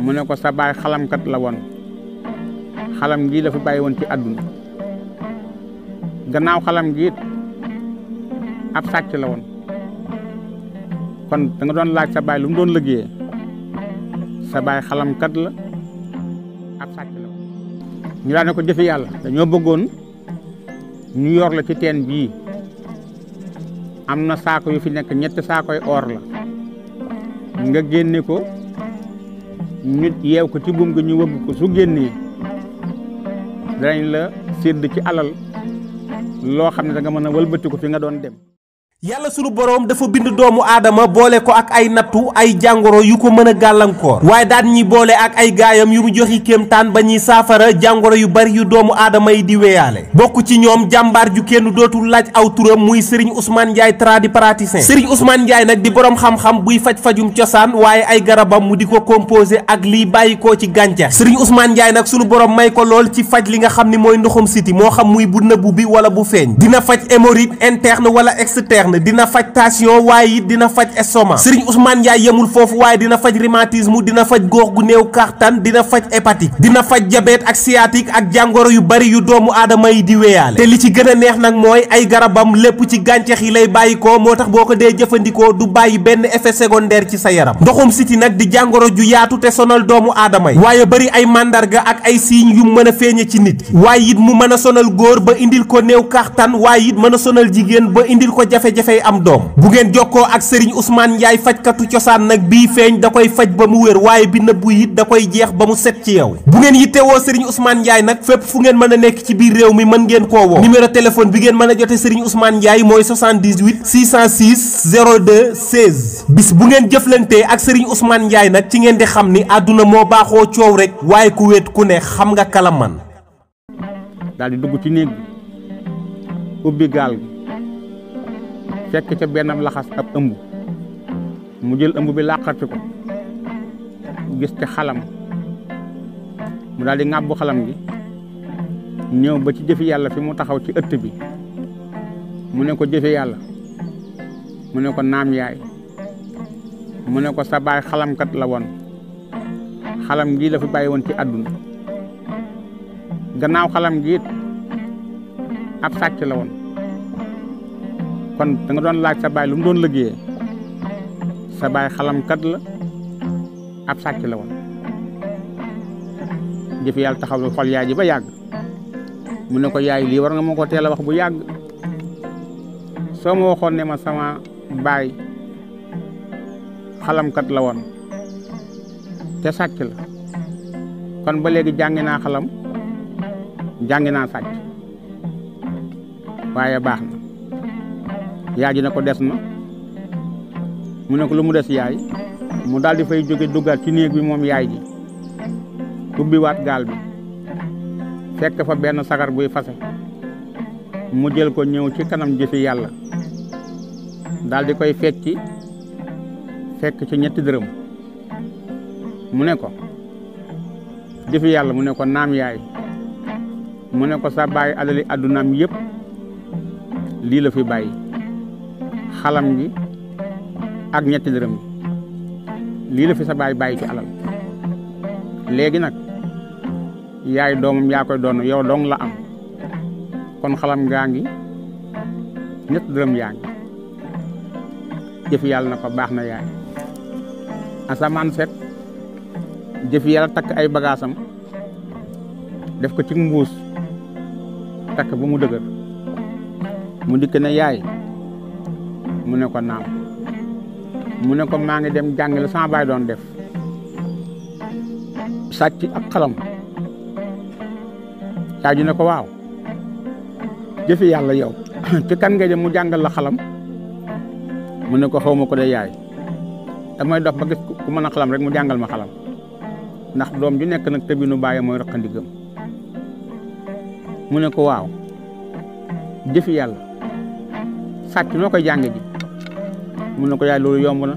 mu ne ko sa baay xalamkat la woon xalam gi dafa bàyyi woon ci àdduna ganaaw xalam gi ab sàcc la woon kon da doon laaj sa baay lu mu doon liggéeyee sa xalamkat la ab sàcc la woon ñu daan ne ko jëfe yàlla dañoo bëggoon ñu yor la ci teen bii am na saako yu fi nekk ñetti saakoy or la nga génne ko nit yeew ko ci buum gi ñu wëgg ko su génnee danañ la sédd ci alal loo xam ne da nga mën a wëlbati ko fi nga doon dem yàlla sunu boroom dafa bind doomu aadama boole ko ak ay nattu ay jàngoro yu ko mën a gàllankoor waaye daan ñi boole ak ay gaayam yu mu joxi kemtaan ba ñuy saafara jàngoro yu bari yu doomu aadama yi di weyaale bokk ci ñoom jàmbaar ju kenn dootul laaj aw turam muy Serigne Ousmane Ndiaye tradipraticien Serigne Ousmane Ndiaye nag di boroom xam-xam buy faj-fajum cosaan waaye ay garabam mu di ko composé ak lii bàyyi koo ci gàncax Serigne Ousmane Ndiaye nag sunu boroom may ko lool ci faj li nga xam ni mooy ndoxum siti moo xam muy bu nëbbu bi wala bu feeñ dina faj hémorroïde interne wala externe benn dina faj tension waaye it dina faj estomac Serigne Ousmane Ndiaye yemul foofu waaye dina faj rhumatisme dina faj góor gu néew kàttan dina faj hépatique dina faj jabet ak sciatique ak jàngoro yu bari yu doomu aadama yi di weyaale te li ci gën a neex nag mooy ay garabam lépp ci gàncax yi lay bàyyi ko moo tax boo ko dee jëfandikoo du bàyyi benn effet secondaire ci sa yaram ndoxum siti nag di jàngoro ju yaatu te sonal doomu aadama yi waaye bari ay màndarga ak ay signes yu mën a feeñe ci nit ki góor ba indil ko néew kàttan jafe-jafey am doom bu ngeen jokkoo ak sëriñ Ousmane Ndiaye fajkatu cosaan nag bii feeñ da koy faj ba mu wér waaye bi nëbbu it da koy jeex ba mu set ci yow bu ngeen yittewoo sëriñ Ousmane Ndiaye nag fépp fu ngeen mën a nekk ci biir réew mi mën ngeen koo woo numéro téléphone bi ngeen mën a jote sëriñ Ousmane Ndiaye mooy 78 606 02 16 bis bu ngeen jëflantee ak sëriñ Ousmane Ndiaye nag ci ngeen di xam ni àdduna moo baaxoo coow rek waaye ku wet ku ne xam nga kalaman man di dugg ci néeg ubbi fekk ca bennam laxas ab ëmb mu jël ëmb bi làqati ko gis ci xalam mu daal di ŋàbbu xalam gi ñëw ba ci jëfi yàlla fi mu taxaw ci ëtt bi mu ne ko jëfe yàlla mu ne ko naam yaay mu ne ko sa baay xalamkat la woon xalam gi la fi bàyyi woon ci àdduna gannaaw xalam gi ab sàcc lawoon kon da nga doon laaj sa baay lu mu doon liggéeyee sa baay xalamkat la ab sàcc la woon jëf yàlla taxawul xol yaay ji ba yàgg mu ne ko yaay lii war nga ma ko teel a wax bu yàgg soo ma waxoon ne ma sama baay xalamkat la woon te sàcc la kon ba léegi jàngi naa xalam jàngi naa sàcc waaye baax na yaay ji ne ko des na mu ne ko lu mu des yaay mu daldi di fay jóge duggaat ci néeg bi moom yaay ji ubbiwaat gaal bi fekk fa benn sagar buy fase mu jël ko ñëw ci kanam jëfi yàlla daldi di koy fecci fekk ci ñetti dërëm mu ne ko jëfi yàlla mu ne ko naam yaay mu ne ko sa bàyyi alali addunaam yëpp lii la fi bàyyi xalam gi ak ñetti dërëm lii la fi sa baay bàyyi ci alal léegi nag yaay doomam yaa koy doon yow dong la am kon xalam gaa ngi ñetti dërëm yaa ngi jëf yàlla na ko baax na yaay asamaan set jëf yàlla takk ay bagaasam def ko ci mbuus takk ba mu dëgër mu dikk ne yaay mu ne ko mu nekk ko maa ngi dem jàngi la sama doon def sàcc ak xalam caaju ne ko waaw jëfi yàlla yow ci kan nga jëm mu jàngal la xalam mu ne ko xaw ma ko de yaay damay dox ba gis ku mën a xalam rek mu jàngal ma xalam ndax doom ju nekk nag tëbinu bàyyi mooy raqandigam mu ne ko waaw jëfi yàlla sàcc noo koy jànge ji mun na ko yaay loolu yomb na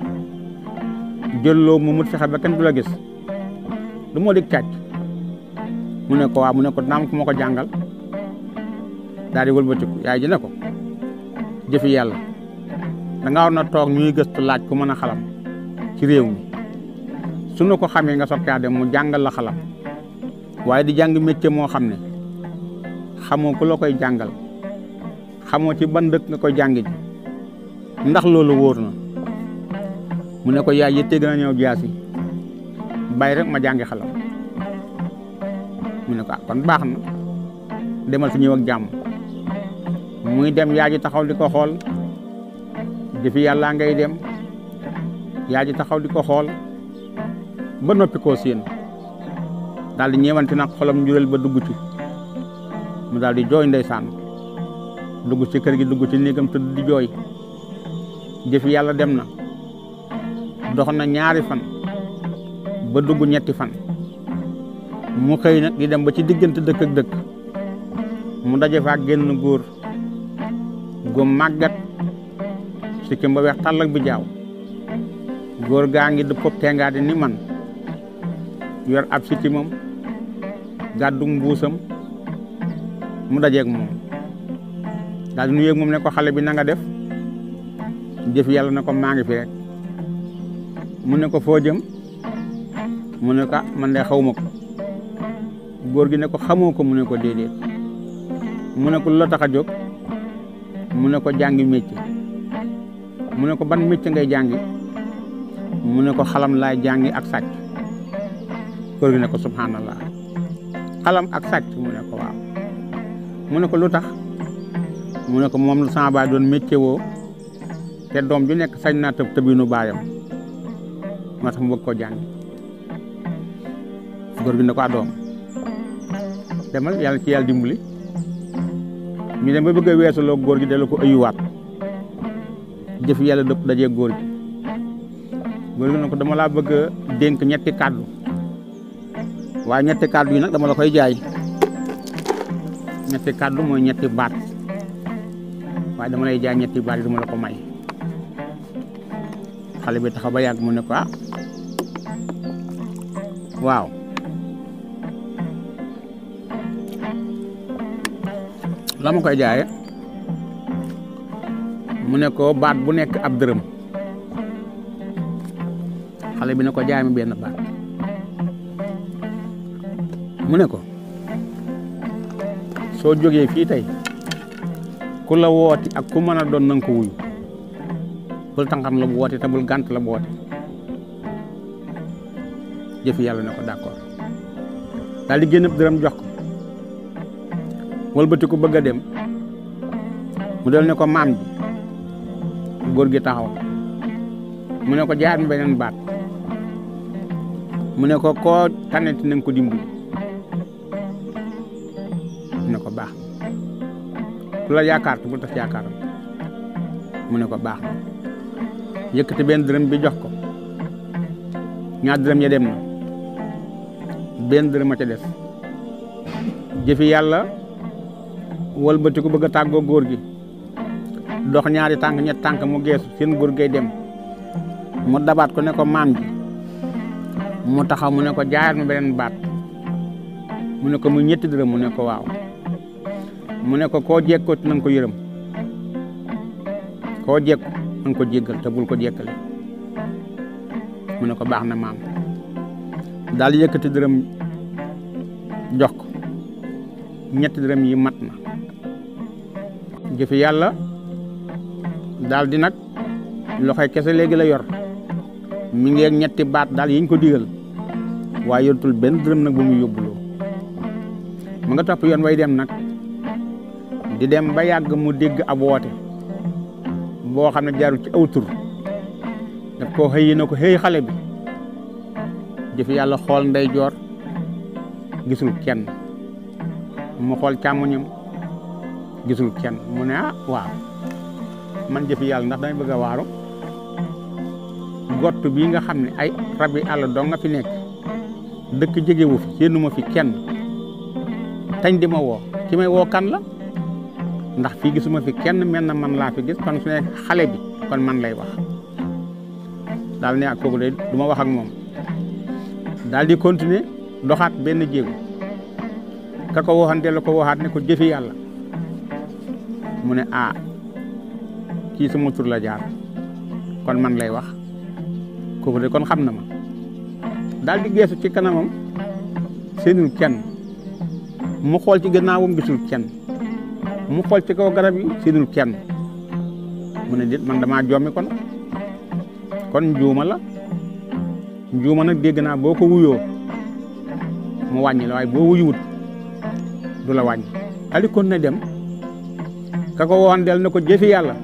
jëlloo mu mut fexe ba kenn du la gis du moo di kàcc mu ne ko mu ne ko naam ku ma ko jàngal daal di wëlbatiku yaay ji ne ko jëfi yàlla da nga war na toog ñuy gëstu laaj ku mën a xalam ci réew mi sunu ko xamee nga soog caa dem mu jàngal la xalam waaye di jàng metti moo xam ne xamoo ku la koy jàngal xamoo ci ban dëkk nga koy jàng ji ndax loolu wóor na mu ne ko yaay yëttee gën a ñëw jaasi bàyyi rek ma jàngi xalam mu ne ko ah kon baax na demal si ñëw ak jàmm muy dem yaa ji taxaw di ko xool defi fi yàlla ngay dem yaa ji taxaw di ko xool ba noppi koo séen daal di ñeewanti nag xolam njureel ba dugg mu daal di jooy ndeysaan dugg ci kër gi dugg ci néegam tëdd di jooy jëfi yàlla dem na dox na ñaari fan ba dugg ñetti fan mu xëy nag di dem ba ci diggante dëkk ak dëkk mu daje fa ak góor gu màggat sikkim ba weex tàll bi jaaw góor gaa ngi dëpp tengaa di ni man yor ab sikkimam gàddu mbuusam mu dajeeg moom daal di nuyeeg moom ne ko xale bi nanga def jëf yàlla na ko maa ngi fi mu ne ko foo jëm mu ne ko man de xawma ma ko góor gi ne ko xamoo ko mu ne ko déedéet mu ne ko lu la tax a jóg mu ne ko jàngi métier mu ne ko ban métier ngay jàngi mu ne ko xalam laay jàngi ak saj góor gi ne ko subhanallah xalam ak sàcc mu ne ko waaw mu ne ko lu mu ne ko moom la baay doon métier woo te doom ju nekk sañ naa tëb tëbinu baayam moo tax mu bëgg ko jàng góor gi ne a ah, doom demal yàlla ci yàlla dimbali ñu dem ba bëgg a weesaloo góor gi delloo ko ayuwaat jëf yàlla dëpp dajee góor gi góor gi ne ko dama laa bëgg a dénk ñetti kàddu waaye ñetti kàddu yi nag dama la koy jaay ñetti kàddu mooy ñetti baat waaye dama lay jaay ñetti baat yi dama la ko may xale bi taxaw ba yàgg mu ne ko ah, waaw la ma koy jaaye mu ne ko baat bu nekk ab dërëm xale bi ne ko jaay benn baat mu ne ko soo jógee fii tey ku la wooti ak ku mën a doon nanga ko bul tànqam la mu woote te bul gànt la mu woote jëfi yàlla ne ko d'accord daal di génn dërëm jox ko wëlbati ko bëgg a dem mu del ne ko maam ji góor gi taxaw mu ne ko jaar mi beneen baat mu ne ko koo tànnati na nga ko dimbali mu ne ko baax ku la yaakaar te bu tax yaakaaram mu ne ko baax yëkkati benn dërëm bi jox ko ñaar dërëm ya dem na benn dërëm a ca des jëfi yàlla walbati ku bëgg a tàggoo góor gi dox ñaari tànk ñett tànk mu geesu seen góor gay dem mu dabaat ko ne ko maam ji mu taxaw mu ne ko jaayal mu beneen baat mu ne ko mu ñetti dërëm mu ne ko waaw mu ne ko koo jekkooti na ko yërëm koo jekko na nga ko jéggal te ko jekkale mu ne ko baax na maam daal yëkkati dërëm jox ko ñetti dërëm yi mat na jëfi yàlla daal di nag loxoy kese léegi la yor mi ngi ñetti baat daal yiñ ko digal waaye yorutul benn dërëm nag bu mu yóbbuloo mu nga topp yoon way dem nag di dem ba yàgg mu dégg ab woote boo xam ne jaarul ci aw tur daf koo xëy na ko xëy xale bi jëf yàlla xool ndeyjoor gisul kenn mu xool càmmoñam gisul kenn mu ne ah waaw man jëfi yàlla ndax damay bëgg a waaru gott bii nga xam ne ay rabi àll dong nga fi nekk dëkk jegewu fi yéenu ma fi kenn tañ di ma woo ki woo kan la ndax fii gisuma fi kenn mel na man laa fi gis kon su nekk xale bi kon man lay wax daal ne ak kooku de du ma wax ak moom daal di continuer doxaat benn jéego ka ko waxoon dellu ko waxaat ne ko jëfi yàlla mu ne a ah, kii sama tur la jaar kon man lay wax kooku de kon xam na ma daal di geesu ci kanamam seenul kenn mu xool ci gannaawam gisul kenn mu xool ci kaw garab yi seenul kenn mu ne déet man damaa jommi kon kon njuuma la njuuma nag dégg naa boo ko wuyoo mu wàññi la boo wuyuwut du la wàññi ali na dem ka ko del na ko jëfi yàlla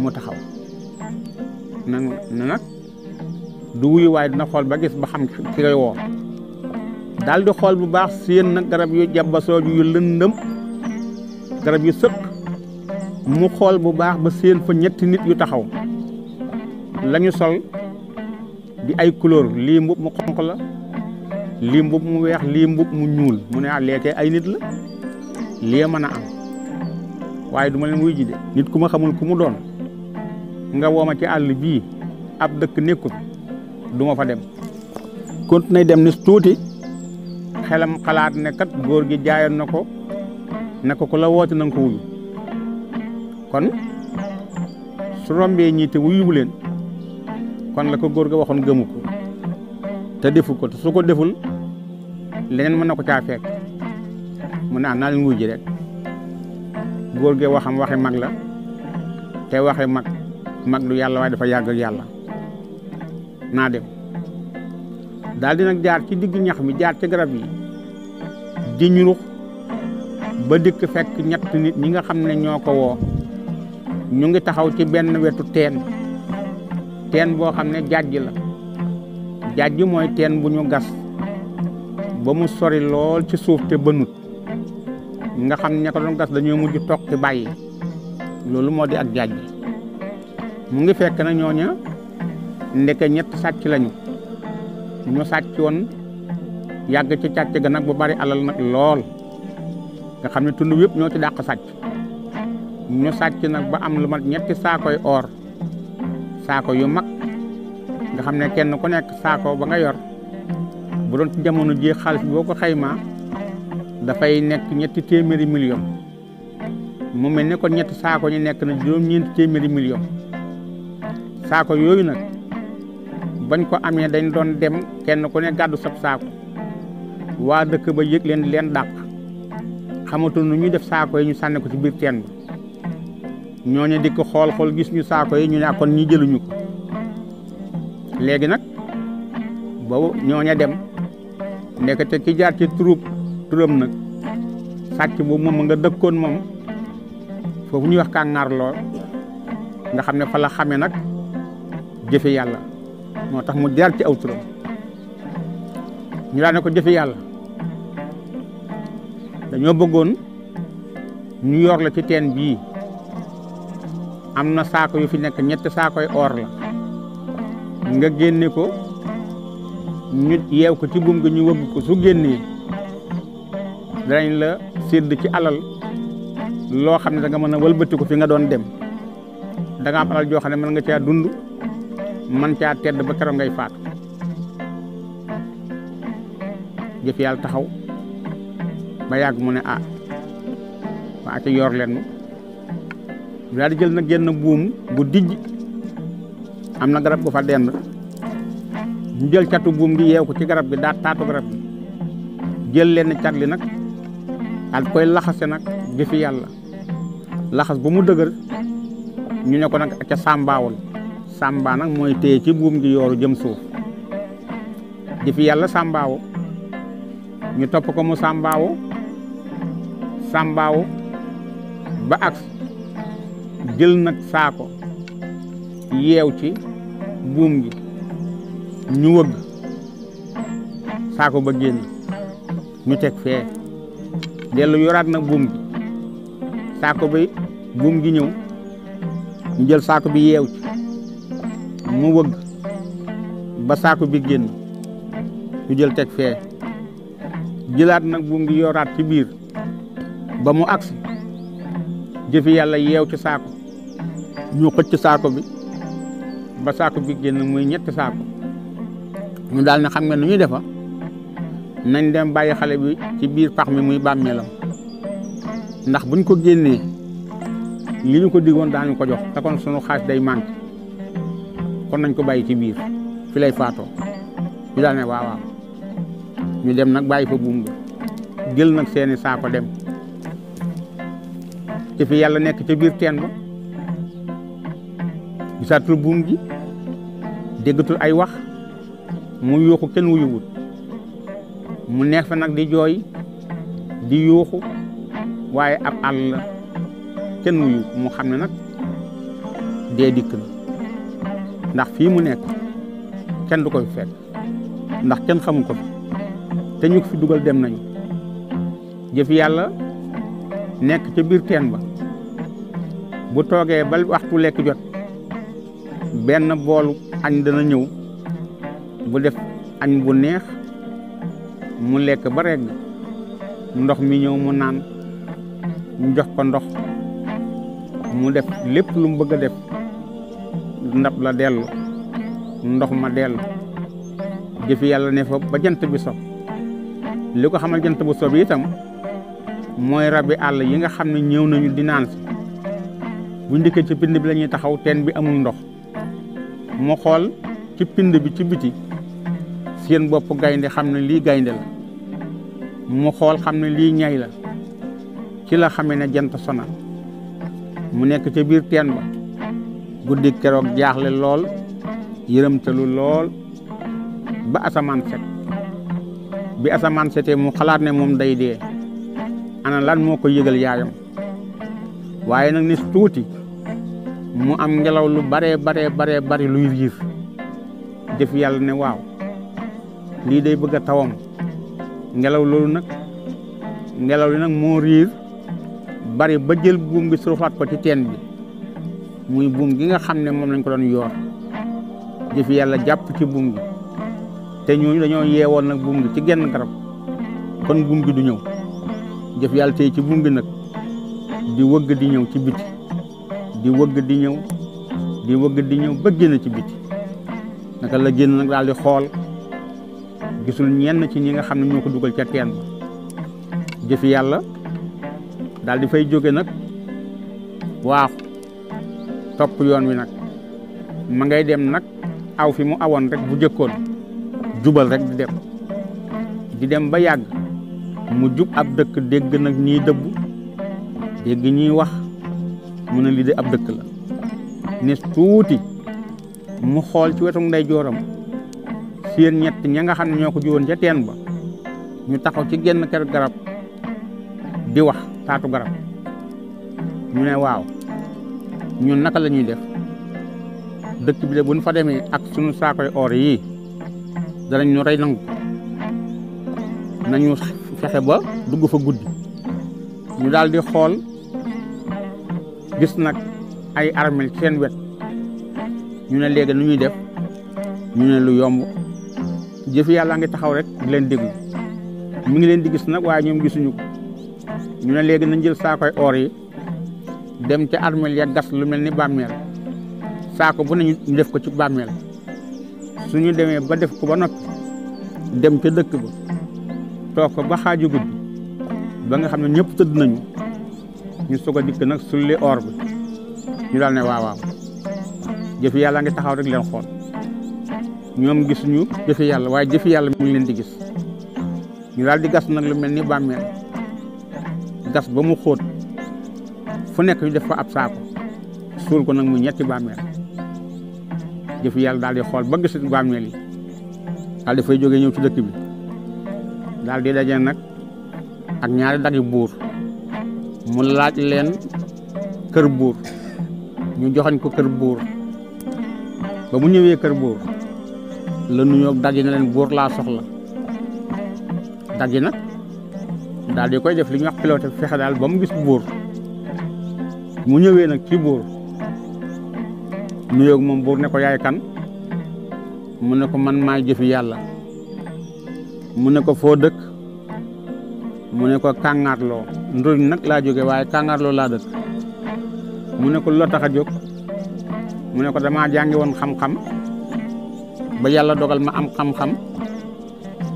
mu taxaw na na nag du wuyu waaye dina xool ba gis ba xam ci koy woo daal xool bu baax séen na garab yu jàbbasooju yu lëndëm garab yu sëq mu xool bu baax ba séen fa ñetti nit yu taxaw lañu sol di ay couleur lii mbub mu xonq la lii mbub mu weex lii mbub mu ñuul mu ne ah lekkee ay nit la lii mën a am waaye duma leen mu ji de nit ku ma xamul ku mu doon nga wooma ci àll bii ab dëkk nekkut duma fa dem kont nay dem ni tuuti xelam xalaat ne kat góor gi jaayoon na ko ne ko ko la woote na nga ko wuyu kon su rombee ñii te wuyu leen kon la ko góor ga waxoon gëmuko te defu ko te su ko deful leneen mën na ko caa fekk mu ne ah naa leen wuyu ji rek góor ge waxam waxi mag la te waxi mag mag lu yàlla waaye dafa yàgg yàlla naa dem. daal di nag jaar ci digg ñax mi jaar ci garab yi di ñurux ba dikk fekk ñett nit ñi nga xam ne ñoo ko woo ñu ngi taxaw ci benn wetu teen teen boo xam ne jàjj la jàjj mooy teen bu ñu gas ba mu sori lool ci suuf te bënut nga xam ne ña ko gas dañoo mujj toog ci bàyyi loolu moo di ak jàjj mu ngi fekk na ñooña ndeke ñett sàcc lañu ñu woon yàgg ci càcc ga nag bu bari alal nag lool nga xam ne tund yëpp ñoo ci dàq sàcc ñu sàcc nag ba am lu mat ñetti saakoy or saako yu mag nga xam ne kenn ku nekk saako ba nga yor bu doon ci jamono ji xaalis boo ko xaymaa dafay nekk ñetti téeméeri million mu mel ne kon ñetti saako ñu nekk na juróom-ñeenti téeméeri million saako yooyu nag bañ ko amee dañ doon dem kenn ku ne gàddu sab saako waa dëkk ba yëg leen leen dàq xamatu nu ñuy def saako yi ñu sànni ko ci biir teen ba ñooñu di ko xool xool gis ñu saako yi ñu ne kon ñi jëluñu ko léegi nag boobu ñooña dem ndekete ki jaar ci turub turam nag sàcc boobu moom nga dëkkoon moom foofu ñuy wax kàngaar loo nga xam ne fa la xamee nag jëfe yàlla moo tax mu jaar ci aw turam ñu daan ne ko jëfe yàlla dañoo bëggoon ñu yor la ci teen bii am na saako yu fi nekk ñetti saako or la nga génne ko ñu yeew ko ci buum gi ñu wëgg ko su génnee danañ la sédd ci alal loo xam ne danga nga mën a wëlbati ko fi nga doon dem da nga am alal joo xam ne mën nga caa dund man caa tedd ba keroog ngay faatu jëf yàlla taxaw ba yàgg mu ne ah waa ca yor leen mu daal jël na genn buum bu dijj am na garab gu fa dend ñu jël catu buum gi yeew ko ci garab gi daa taatu garab jël leen cat li nag daal koy laxase nag jëfi yàlla laxas bu mu dëgër ñu ne ko nag ca sàmbaawul sàmba nag mooy téye ci buum gi yooru jëm suuf di fi yàlla sàmbaawu ñu topp ko mu sàmbaawu sàmbaawu ba ak jël na saako yeew ci buum gi ñu wëgg saako ba génn ñu teg fee dellu yoraat na buum gi saako bi buum gi ñëw ñu jël saako bi yeew mu wëgg ba saako bi génn ñu jël teg fee jëlaat nag bu ngi yoraat ci biir ba mu agsi jëfi yàlla yeew ci saako ñu xëcc saako bi ba saako bi génn muy ñetti saaku ñu daal ne xam nga nu ñuy defa nañ dem bàyyi xale bi ci biir pax mi muy bàmmeelam ndax buñ ko génnee li ñu ko diggoon digoon daañu ko jox te kon sunu xaaj day manqué kon nañ ko bàyyi ci biir fi lay faatoo ñu daal ne ñu dem nag bàyyi fa buum jël nag seeni saako dem ci fi yàlla nekk ci biir teen ba gisaatul buum gi déggatul ay wax mu yuuxu kenn wuyuwut mu neex fa nag di jooy di yuuxu waaye ab àll kenn wuyu mu xam ne nag dee dikk ndax fii mu nekk kenn du ko fi fekk ndax can xamu ko fi dugal dem nañu jëf yàlla nekk ca biir teen ba bu toogee ba waxtu lekk jot benn boolu añ dana ñëw bu def añ bu neex mu lekk ba regg ndox mi ñëw mu naan ñu jox ko ndox mu def lépp lum mu bëgg a def ndab la dellu ndox ma dellu jëfi yàlla ne fa ba jant bi so li ko xamal jant bu so bi itam mooy rabi àll yi nga xam ne ñëw nañu di naan si bu ndikkee ci pind bi la taxaw teen bi amul ndox mu xool ci pind bi ci biti seen bopp gaynde xam ne lii gaynde la mu xool xam ne lii ñay la ci la xamee ne jant sona mu nekk ca biir teen ba guddi keroog jaaxle lool yërëmtalu lool ba asamaan set bi asamaan mu xalaat ne moom day dee ana lan moo ko yëgal yaayam waaye nag ni tuuti mu am ngelaw lu baree baree baree bari luy riir def yàlla ne waaw lii day bëgg a tawam ngelaw loolu nag ngelaw li nag moo riir bari ba jël buum gi surufaat ko ci teen bi muy buum gi nga xam ne moom lañ ko doon yoor jëfi yàlla jàpp ci buum gi te ñooñu dañoo yeewoon nag buum ci genn garab kon buum gi du ñëw jëf yàlla tey ci buum gi nag di wëgg di ñëw ci biti di wëgg di ñëw di wëgg di ñëw ba génn ci biti naka la génn nag daal di xool gisul ñenn ci ñi nga xam ne ñoo ko dugal ca teen ba jëfi yàlla daal di fay jóge nag waaw topp yoon wi nag ma ngay dem nag aw fi mu awoon rek bu jëkkoon jubal rek di dem di dem ba yàgg mu jub ab dëkk dégg nag ñiy dëbb dégg ñiy wax mu na lii de ab dëkk la nes tuuti mu xool ci wetum nday jooram seen ñett ña nga xam ne ñoo ko jiwoon ca teen ba ñu taxaw ci genn kër garab di wax taatu garab mu ne waaw ñun naka la ñuy def dëkk bi de bu ñu fa demee ak suñu saakoy or yi danañ ñu rey nangu nañu fexe ba dugg fa guddi ñu daal di xool gis nag ay armel ceen wet ñu ne léegi nu ñuy def ñu ne lu yomb jëf yàlla ngi taxaw rek di leen déglu ngi leen di gis nag waaye ñoom gisuñu ko ñu ne léegi nañ jël saakoy or yi dem ca armeel ya gas lu mel ni bàmmeel saako bu nañu ñu def ko ci bàmmeel suñu demee ba def ko ba noppi dem ca dëkk ba toog ko ba xaaju guddi ba nga xam ne ñëpp tëdd nañu ñu soog a dikk nag sulli or bi ñu daal ne waaw waaw jëfi yàlla ngi taxaw rek leen xool ñoom gisuñu jëfi yàlla waaye jëfi yàlla mi leen di gis ñu daal di gas nag lu mel ni bàmmeel gas ba mu xóot fu nekk ñu def fa ab saako suul ko nag mu ñetti bàmmeel jëf yàlla daal di xool ba gis bàmmeel yi daal di fay jógee ñëw ci dëkk bi daal di daje nag ak ñaari dagi buur mu laaj leen kër buur ñu joxañ ko kër buur ba mu ñëwee kër buur la nuyoo dagg na leen buur laa soxla dagg nag daal di koy def li ñuy wax pilote fexe daal ba mu gis buur mu ñëwee nag ci buur nuyoog moom buur ne ko yaay kan mu ne ko man maay jëfi yàlla mu ne ko foo dëkk mu ne ko kàngaarloo ndur nag laa jóge waaye kàngaarloo laa dëkk mu ne ko lu la tax a jóg mu ne ko damaa jàngi woon xam-xam ba yàlla dogal ma am xam-xam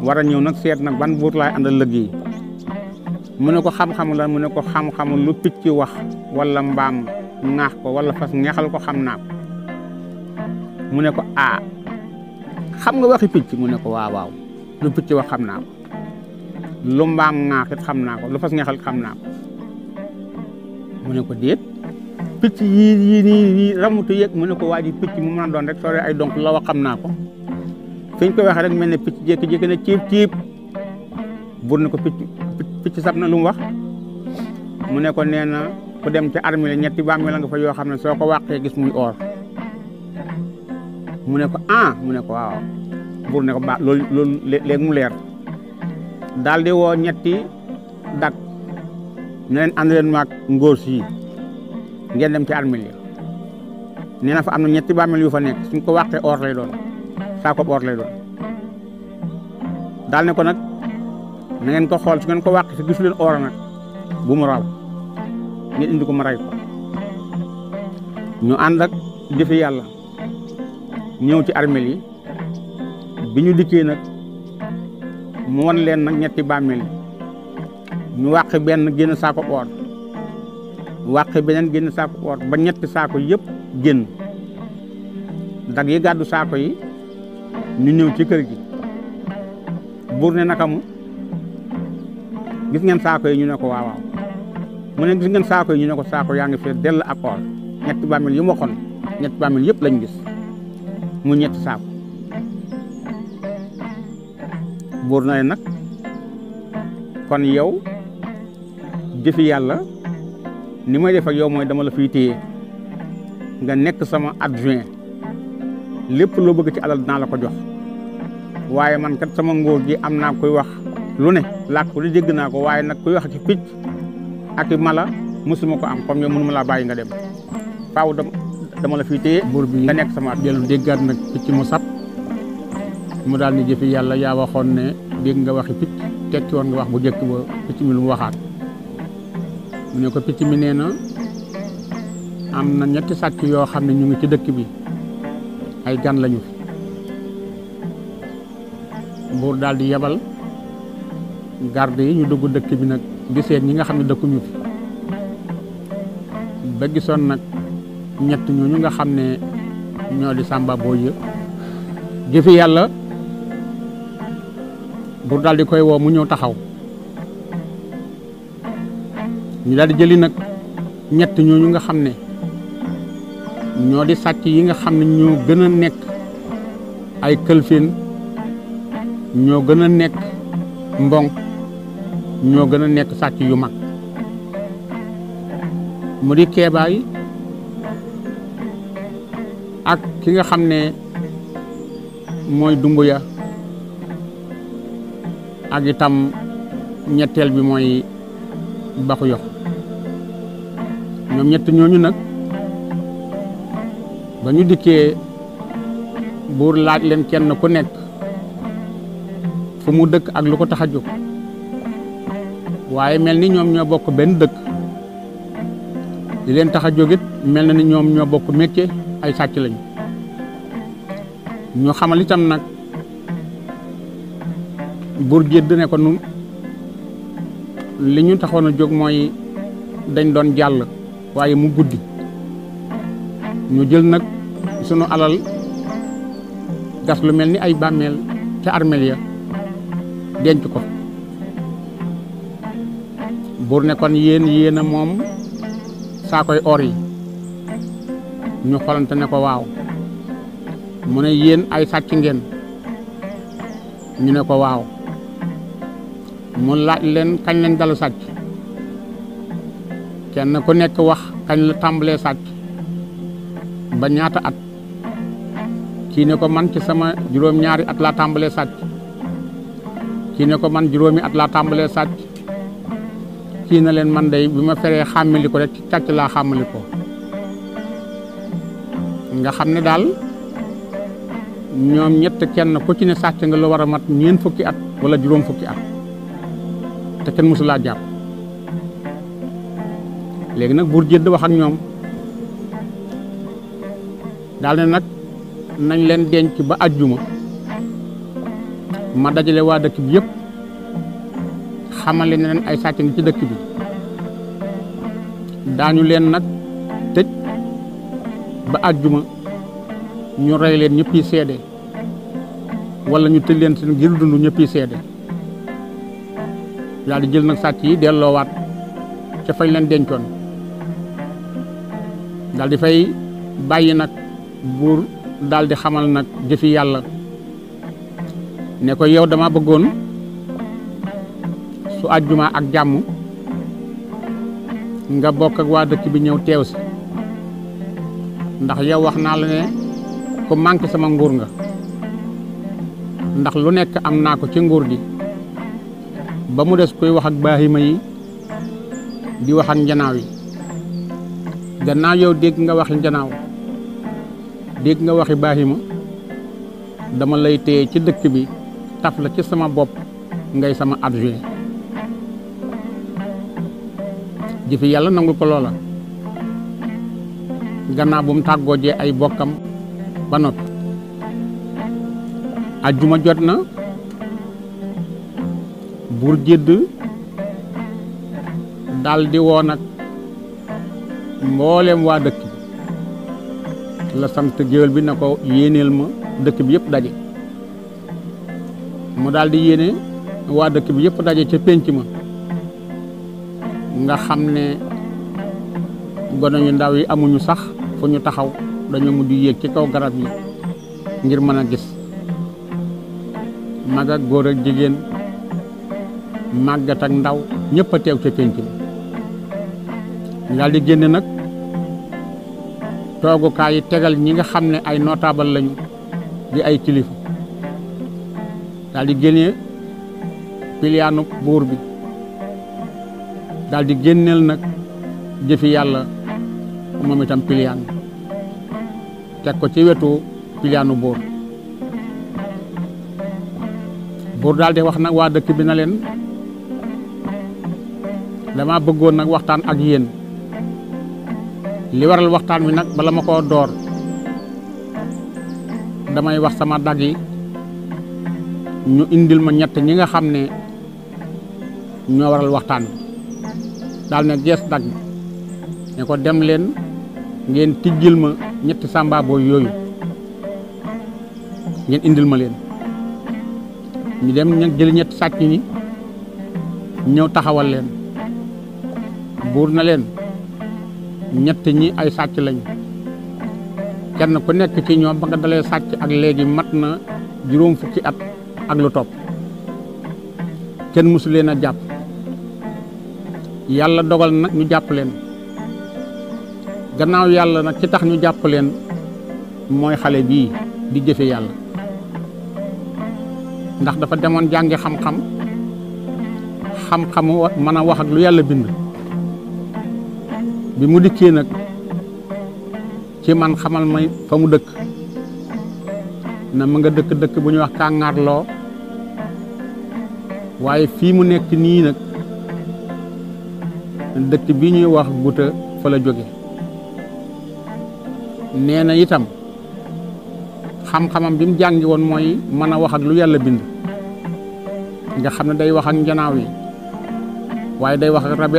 war a ñëw nag seet nag ban buur laay àndal lëg yi mu ne ko xam-xam la mu ne ko xam-xam lu picc wax wala mbaam ŋaax ko wala fas ñaxal ko xam naa ko mu ne ko a ah, xam nga waxi picc mu ne ko waaw waaw lu picc wax xam naa ko lu mbaam ŋaaxit xam naa ko lu fas ñaxal xam naa ko mu ne ko déet picc yii yii nii yii ramutu yeeg mu ne ko waa ji picc mu mën a doon rek soo ay donc la wax xam naa ko fiñ ko waxee rek mel ne picc jékki-jékki na ciib ciib bur ne ko picc sab na lu mu wax mu ne ko nee ku dem ca armée la ñetti bàmmeel la nga fa yoo xam ne soo ko wàqee gis muy or mu ne ko ah mu ne ko waaw buur ne ko baax loolu loolu mu leer daal di woo ñetti dak ne leen ànd leen maag ngóor si ngeen dem ci armée yi nee na fa am na ñetti bàmmeel yu fa nekk suñ ko wàqee or lay doon saako or lay doon daal ne ko nag na ngeen ko xool su ngeen ko wàqee si gisu leen or nag bu mu raw ngeen indi ko ma ñu ànd ak jëfe yàlla ñëw ci armeel yi bi ñu dikkee nag mu won leen nag ñetti bàmmeel ñu wàq benn génn saako oor wàq beneen génn saako oor ba ñetti saako yëpp génn dag yi gàddu saako yi ñu ñëw ci kër gi buur ne naka mu gis ngeen saako yi ñu ne ko waawaaw mu ne gis ngeen saako yi ñu ne ko saako yaa ngi fee dell ak or ñetti bàmmeel yu mu ñett ñetti bàmmeel yëpp lañu gis mu ñetti saako buur na nag kon yow jëfi yàlla ni may def ak yow mooy dama la fiy téye nga nekk sama adjoint lépp loo bëgg ci alal dinaa la ko jox waaye man kat sama ngóor gi am naa koy wax lu ne làkk lu dégg naa ko waaye nag kuy wax ci picc ak i mala mosuma ko am comme yow mënuma laa bàyyi nga dem faaw dama la fii téye buur bi nga nekk sama at dellu déggaat nag picc mu sab mu daal ni jëfi yàlla yaa waxoon ne dégg nga waxi picc tekki woon nga wax bu jëkk ba picc mi lu mu waxaat mu ne ko picc mi nee na am na ñetti sàcc yoo xam ne ñu ngi ci dëkk bi ay gan lañu fi buur daal di yebal garde yi ñu dugg dëkk bi nag di seet ñi nga xam ne dëkkuñu fi ba gisoon nag ñett ñooñu nga xam ne ñoo di Samba Boye jëfi yàlla bur daldi koy woo mu ñëw taxaw ñu daldi jëli nag ñett ñooñu nga xam ne ñoo di sàcc yi nga xam ne ñoo gën a nekk ay këlfin ñoo gën a nekk mbong ñoo gën a nekk sàcc yu mag mu di keebaa ak ki nga xam ne mooy dumb ya ak itam ñetteel bi mooy baxu yox ñoom ñett ñooñu nag ba ñu dikkee buur laaj leen kenn ku nekk fu mu dëkk ak lu ko tax a jóg waaye mel ni ñoom ñoo bokk benn dëkk li leen tax a jógit mel na ni ñoom ñoo bokk métier ay sàcc lañu ñu xamal itam nag buur jédd ko nu li ñu taxoon a jóg mooy dañ doon jàll waaye mu guddi ñu jël nag sunu alal gas lu mel ni ay bàmmeel ca armeel ya denc ko buur ne kon yéen yéen moom saakoy koy or yi ñu xolante ne ko waaw mu ne yéen ay sàcc ngeen ñu ne ko waaw mu laaj leen kañ lañ dalu sàcc kenn ku nekk wax kañ la tàmbalee sàcc ba ñaata at kii ne ko man ci sama juróom-ñaari at laa tàmbalee sàcc kii ne ko man juróomi at laa tàmbalee sàcc kii na leen man day bi ma feree xàmmali ko rek ci càcc laa xàmmali ko nga xam ne daal ñoom ñett kenn ku ci ne sàcc nga lu war a mat ñeent fukki at wala juróom fukki at te kenn mësulaa jàpp léegi nag buur jëdd wax ak ñoom daal ne nag nañ leen denc ba ajjuma ma dajale waa dëkk yépp xamal leen ne leen ay sàcc ngi ci dëkk bi daañu leen nag tëj ba àjjuma ñu rey leen ñëpp yi seede wala ñu tëj leen seen ngir dund ñëpp yi seede daal di jël nag sàcc yi delloowaat ca fañ leen dencoon daal di fay bàyyi nag buur daal di xamal nag jëfi yàlla ne ko yow dama bëggoon su àjjuma ak jàmm nga bokk ak waa dëkk bi ñëw teew si ndax yow wax naa la ne ku manqué sama nguur nga ndax lu nekk am naa ko ci nguur gi ba mu des kuy wax ak baahima yi di wax ak njanaaw yi gannaaw yow dégg nga waxi njanaaw dégg nga waxi baahima dama lay téye ci dëkk bi taf la ci sama bopp ngay sama adjoint jëfe yàlla nangu ko loola gannaaw bu mu tàggoo jee ay bokkam ba noppi ajjuma jot na buur jëdd daldi woo nag mbooleem waa dëkk la sant géwél bi na ko yéeneel ma dëkk bi yëpp daje mu daldi yéene waa dëkk bi yëpp daje ca pénc ma nga xam ne gone yu ndaw yi amuñu sax fu ñu taxaw dañoo mujj yéeg ci kaw garab yi ngir mën a gis mag ak góor ak jigéen màggat ak ndaw ñëpp a teew ca pénc mi daal di génn nag toogukaay yi tegal ñi nga xam ne ay notable lañu di ay kilifa daal di génne piliyaanu buur bi daal di génneel nag jëfi yàlla moom itam piliyaan teg ko ci wetu piliyaanu buur buur daldi wax nag waa dëkk bi na leen dama bëggoon nag waxtaan ak yéen li waral waxtaan wi nag bala ma koo door damay wax sama dag yi ñu indil ma ñett ñi nga xam ne ñoo waral waxtaan wi daal ne gees dagg ne ko dem leen ngeen tijjil ma ñetti sàmba booy yooyu ngeen indil ma leen ñu dem ñu jëli ñetti sàcc ñëw taxawal leen buur na leen ñett ñi ay sàcc lañu kenn ku nekk ci ñoom ba nga dalee sàcc ak léegi mat na juróom fukki at ak lu topp kenn mësu leen a jàpp yàlla dogal nag ñu jàpp leen gannaaw yàlla nag ci tax ñu jàpp leen mooy xale bii di jëfe yàlla ndax dafa demoon jàngi xam-xam xam-xamu mën a wax lu yàlla bind bi mu dikkee nag ci man xamal may fa mu dëkk na mu nga dëkk dëkk bu ñuy wax kàngaarloo waaye fii mu nekk nii nag dëkk bi ñuy wax guta fa la jóge nee na itam xam-xamam bi mu jàngi woon mooy mën a wax lu yàlla bind nga xam ne day wax ak njanaaw yi waaye day wax ak rabi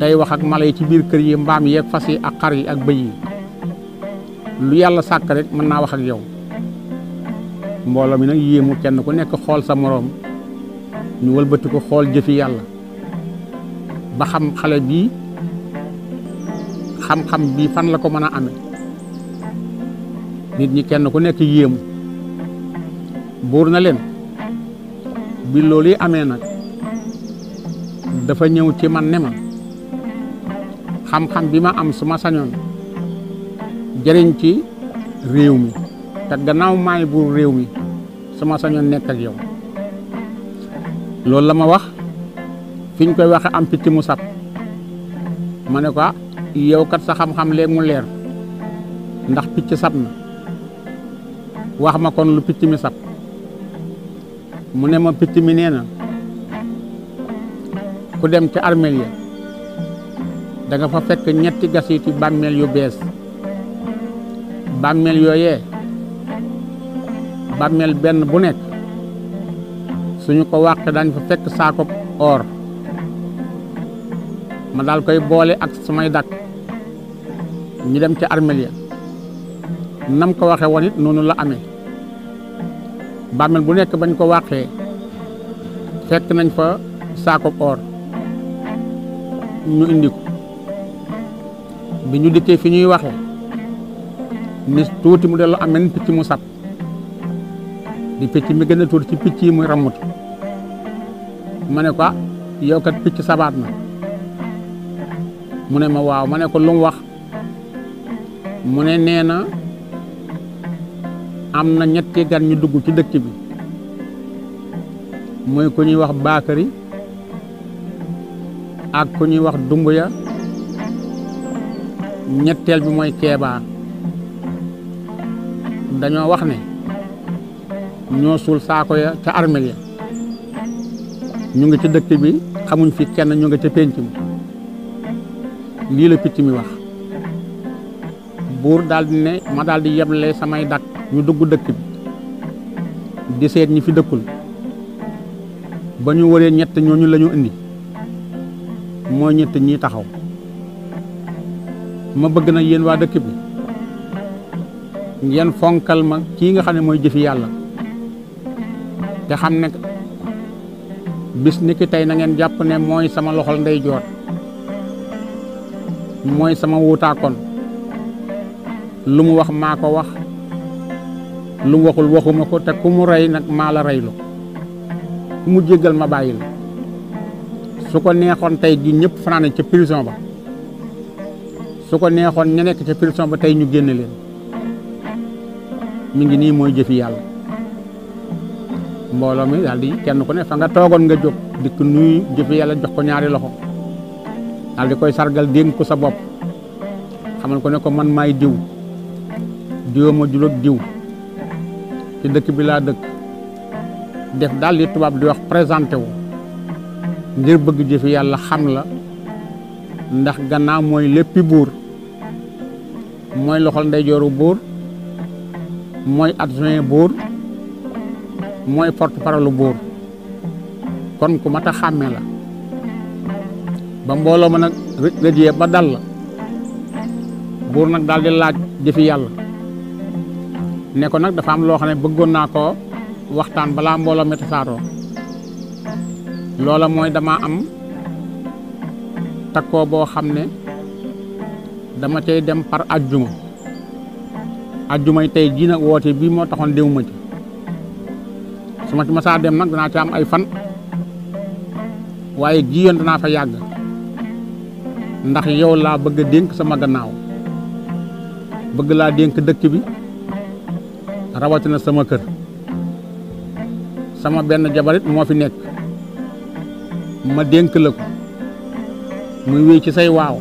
day wax ak mala yi ci biir kër yi mbaam yi ak fas yi ak xar ak bëy lu yàlla sàkk rek mën naa wax ak yow mbooloo mi nag yéemu ku nekk xool sa moroom ñu wëlbati ko xool jëfi yàlla ba xam xale bii xam-xam bii fan la ko mën a ame nit ñi kenn ku nekk yéem buur na leen bi loolu amee nag dafa ñëw ci man ne ma xam-xam bi ma am suma sañoon jëriñ ci réew mi te gannaaw maay buur réew mi suma sañoon nekk ak yow la ma wax fi ñu koy waxe am picc mu sab ma ne ko yow kat sa xam-xam mu leer ndax picc sab na wax ma kon lu picc mi sab mu ne ma picc mi nee na ku dem ci armeel ya da nga fa fekk ñetti gasitu bàmmeel yu bees bàmmeel yooyee bàmmeel benn bu nekk suñu ko wàqee daañ fa fekk saako or ma daal koy boole ak samay dàkk ñu dem ca armeel ya nam ko waxe woon it noonu la amee bàmmeel bu nekk bañ ko waxee fekk nañ fa saako or ñu indi ko bi ñu dikkee fi ñuy waxee ni tuuti mu dellu am picc mu sab di picc mi gën a ci picc yi muy ramut ma ne ko ah, yow kat picc sabaat na mu ne ma waaw ma ne ko lu wax mu ne nee na am na ñetti gan ñu dugg ci dëkk bi mooy ku ñuy wax Bakary ak ku ñuy wax ya ñetteel bi mooy Keebaa dañoo wax ne ñoo suul saako ya ca armeel ya ñu ngi ci dëkk bi xamuñ fi kenn ñu ngi ca pénc mi lii la picc mi wax buur daldi ne ma daal yeble samay dakk ñu dugg dëkk bi di seet ñi fi dëkkul ba ñu waree ñett ñooñu la indi mooy ñett ñii taxaw ma bëgg na yéen waa dëkk bi ngeen fonkal ma kii nga xam ne mooy jëfi yàlla te xam ne bis ni ki tey na ngeen jàpp ne mooy sama loxol ndey mooy sama wuutaakoon lu mu wax maa ko wax lu mu waxul waxuma ko te ku mu rey nag maa la reylu ku mu jéggal ma bàyyi la su ko neexoon tey ji ñëpp fanaane ca prison ba su ko neexoon ña nekk ca prison ba tey ñu génn leen mi ngi nii mooy jëfi yàlla mbooloo mi daal di kenn ku ne fa nga toogoon nga jóg dikk nuyu jëfi yàlla jox ko ñaari loxo daal di koy sargal dénk ko sa bopp xamal ko ne ko man maay diw diwa ma juróog diw ci dëkk bi laa dëkk def daal tubaab di wax présenté wu ngir bëgg jëfi yàlla xam la ndax gannaaw mooy léppi buur mooy loxol ndeyjooru buur mooy adjoint buur mooy porte-parole buur kon ku mat a xàmme la ba mbooloo ma nag rëjee ba dal la buur nag daal di laaj jëfi yàlla ne nag dafa am loo xam ne bëggoon naa koo waxtaan balaa mbooloo mi saato loola mooy dama am takkoo boo xam ne dama cay dem par ajjuma yi tey jii nag woote bii moo taxoon déw ma ci su ma ci masaa dem nag danaa ci am ay fan waaye ji yoon danaa fa yàgg ndax yow laa bëgg dénk sama gannaaw bëgg laa dénk dëkk bi rawatina sama kër sama benn jabarit moo fi nekk ma dénk la ko muy wéy ci say waaw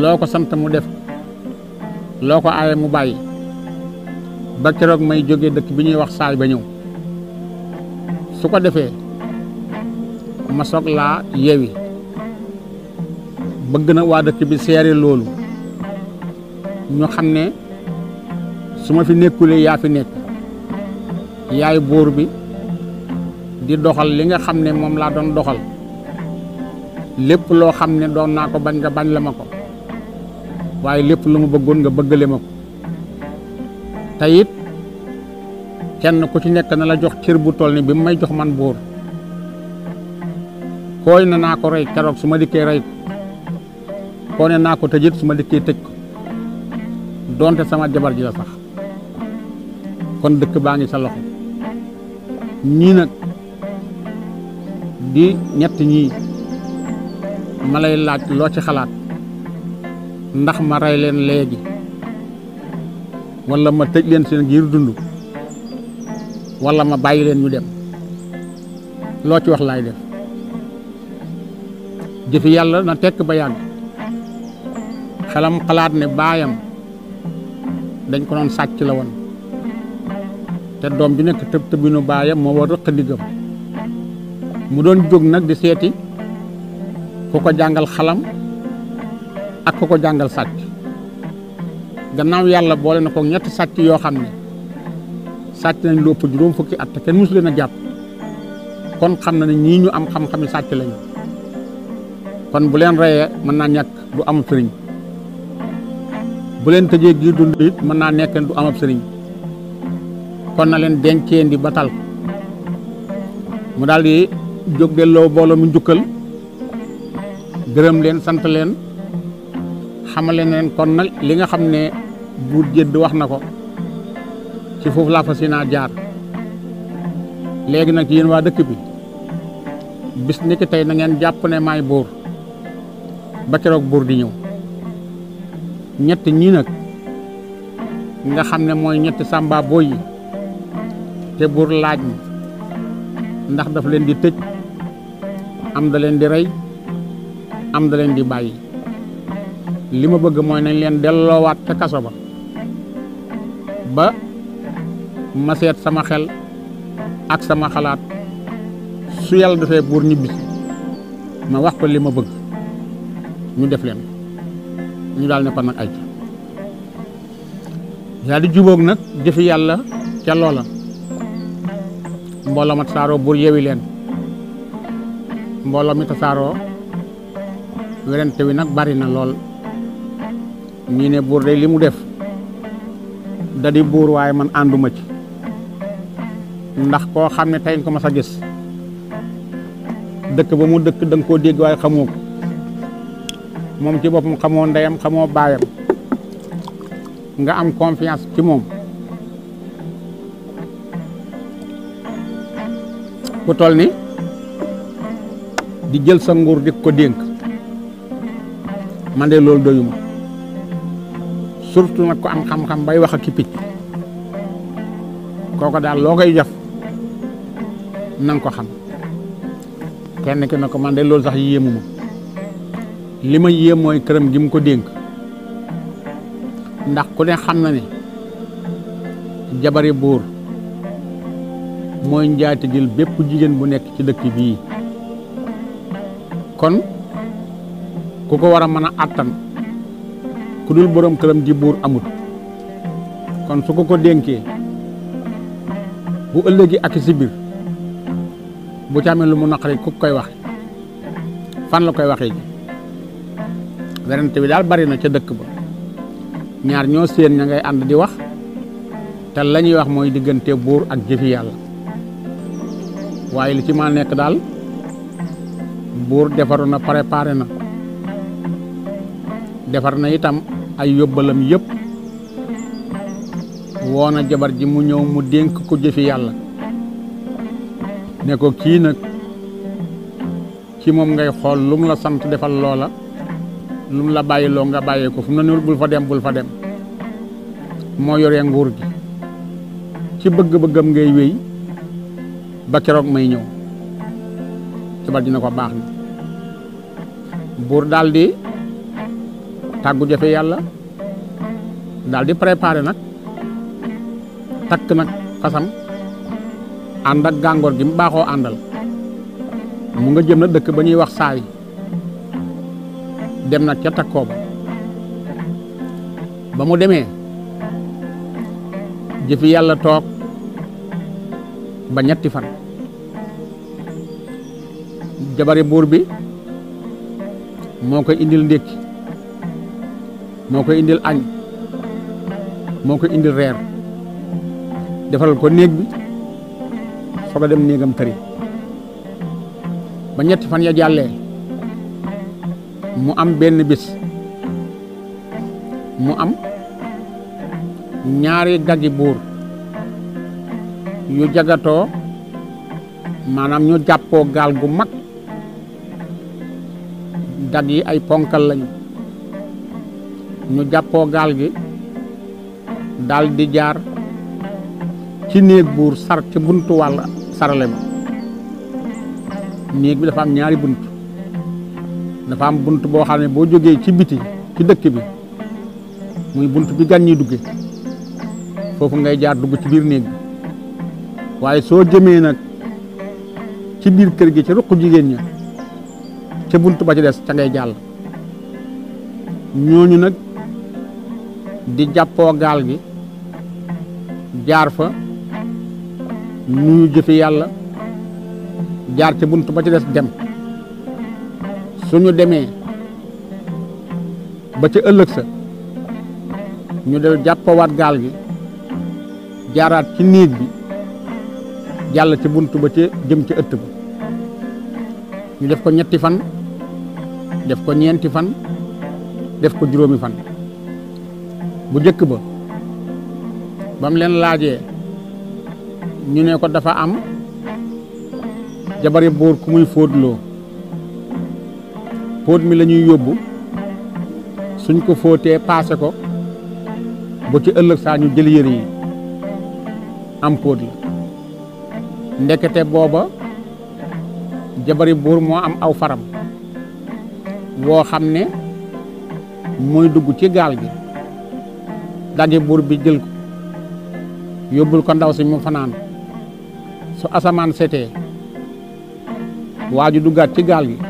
loo ko sant mu def loo ko aaye mu bàyyi ba keroog may jóge dëkk bi ñuy wax saay ba ñëw su ko defee ma soog laa yewi bëgg na waa dëkk bi seere loolu ñu xam ne su ma fi nekkulee yaa fi nekk yaay buur bi di doxal li nga xam ne moom laa doon doxal lépp loo xam ne doon naa ko bañ nga bañ la ma ko waaye lépp lu mu bëggoon nga bëggale ma ko te it kenn ku ci nekk na la jox cër bu toll ni bi mu may jox man buur kooy na naa ko rey keroog su ma dikkee rey koo ne naa ko tëjit su ma dikkee tëj ko donte sama jabar ji la sax kon dëkk baa ngi sa loxo ñii nag di ñett ñii ma lay laaj loo ci xalaat ndax ma rey leen léegi walla ma tëj leen seen giir dund walla ma bàyyi leen ñu dem loo ci wax laay def jëfi yàlla na tekk ba yàgg xelam xalaat ne baayam dañ ko doon sàcc la woon te doom bi nekk tëb tëbinu baayam moo war rëq ndiggam mu doon jóg nag di seeti ku ko jàngal xalam ak ko ko jàngal sàcc gannaaw yàlla boole na ko ñetti sàcc yoo xam ne sàcc nañ lu juróom fukki at te kenn leen a jàpp kon xam na ne ñii ñu am xam-xami sàcc lañu kon bu leen reyee mën naa ñàkk du am sëriñ bu leen tëjee giir dund it mën naa nekk du am ab sëriñ kon na leen dencee ndi ba mu daal di jóg delloo booloo mu njukkal gërëm leen sant leen xamal leen kon li nga xam ne buur jëdd wax na ko ci foofu laa fas naa jaar léegi nag yéen waa dëkk bi bis ni ki tey na ngeen jàpp ne maay buur ba keroog buur di ñëw ñett ñii nag nga xam ne mooy ñetti sàmba yi te buur laaj mi ndax daf leen di tëj am da leen di rey am da leen di bàyyi li ma bëgg mooy nañ leen delloowaat ca kaso ba ba ma seet sama xel ak sama xalaat su yàlla defee buur ñibbi ma wax ko li ma bëgg ñu def leen ñu daal ne ko nag ay daal di jubóog nag jëfi yàlla ca loola mbooloo ma tasaaroo buur yewi leen mbooloo mi tasaaroo werante wi nag bari na lool ñii ne buur day li mu def da buur waaye man ànduma ci ndax koo xam ne tey ko mas a gis dëkk ba mu dëkk da koo dégg waaye xamoo moom ci boppam xamoo ndeyam xamoo baayam nga am confiance ci moom ku toll ni di jël sa nguur di ko dénk man de loolu doyuma surtout nag ko am xam-xam bay wax ak ki picc kooko daal loo koy def na ko xam kenn ki ne ko man de loolu sax yéemu li ma yéem mooy këram gi mu ko dénk ndax ku ne xam na ni jabari buur mooy njaatigil bépp jigéen bu nekk ci dëkk bii kon ku ko war a mën a àttan ku dul borom këram ji buur amut kon su ko ko dénkee bu ëllëgi ak si bu ci lu mu naqari ku koy wax fan la koy waxee ji werante bi daal bari na ca dëkk ba ñaar ñoo séen ña ngay ànd di wax te la ñuy wax mooy diggante buur ak jëfi yàlla waaye li ci ma nekk daal buur defaru na préparé na defar na itam ay yóbbalam yépp woo na jabar ji mu ñëw mu dénk ko jëfi yàlla ne ko kii nag ci moom ngay xool lu mu la sant defal loola lu mu la bàyyiloo nga bàyyee ko fu mu ne bul fa dem bul fa dem moo yore nguur gi ci bëgg-bëggam ngay wéy ba keroog may ñëw tubaab dina ko baax na buur daldi tàggu jafe yàlla daldi di nag takk nag fasam ànd ak gàngoor gi mu baaxoo àndal mu nga jëm na dëkk ba ñuy wax saay dem na ca takkoo ba ba mu demee jëfi yàlla toog ba ñetti fan jabari buur bi moo koy indil ndékki moo ko indil añ moo ko indil reer defaral ko néeg bi soog a dem néegam tëri ba ñetti fan ya jàllee mu am benn bés mu am ñaari daggi buur yu jagatoo maanaam ñu jàppoo gaal gu mag dag yi ay ponkal lañu ñu jàppoo gaal gi daldi jaar ci néeg buur sar ci buntu wàll sarale ba néeg bi dafa am ñaari bunt dafa am bunt boo xam ne boo jógee ci biti ci dëkk bi muy bunt bi gan ñi dugge foofu ngay jaar dugg ci biir néeg bi waaye soo jëmee nag ci biir kër gi ci ruq jigéen ña ca bunt ba ci des ca ngay jàll ñooñu nag di jàppoo gaal gi jaar fa nuyu jëfe yàlla jaar ca bunt ba ci des dem su ñu demee ba ca ëllëg sa ñu del jàppawaat gaal gi jaaraat ci niig bi jàll ci bunt ba ca jëm ci ëtt ba ñu def ko ñetti fan def ko ñeenti fan def ko juróomi fan bu njëkk ba ba leen laajee ñu ne ko dafa am jabari buur ku muy fóotloo póot mi la ñuy yóbbu suñ ko fóotee paase ko ba ci ëllëg saa ñu jël yére am póot la ndekete booba jabari buur moo am aw faram woo xam ne mooy dugg ci gaal gi daje buur bi jël ko yóbbul ko ndaw si mu fanaan su asamaan setee waaju duggaat ci gaal gi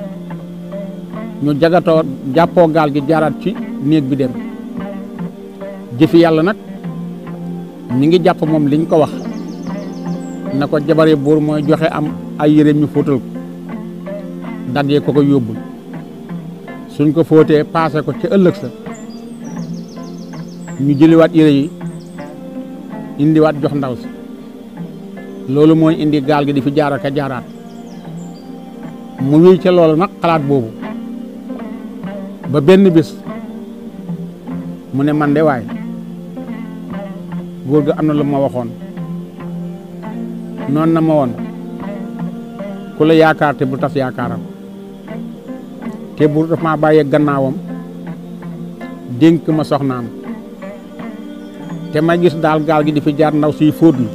ñu jagatoo jàppoo gaal gi jaaraat ci néeg bi dem jëfi yàlla nag ñi ngi jàpp moom liñ ko wax na ko jabare buur mooy joxe am ay yére ñu fóotal ko daggee ko ko yóbbul suñ ko fóotee paase ko ca ëllëg sa ñu jëliwaat yére yi indiwaat jox ndaw si loolu mooy indi gaal gi di fi jaara ka jaaraat mu wéy ca loolu nag xalaat boobu ba benn bis mu ne man de waay góor ga am na lu ma waxoon noon na ma woon ku yaakaar te bu tas yaakaaram te bu daf maa bàyyee gannaawam dénk ma soxnaam te ma gis daal gaal gi di fi jaar ndaw suy fóot na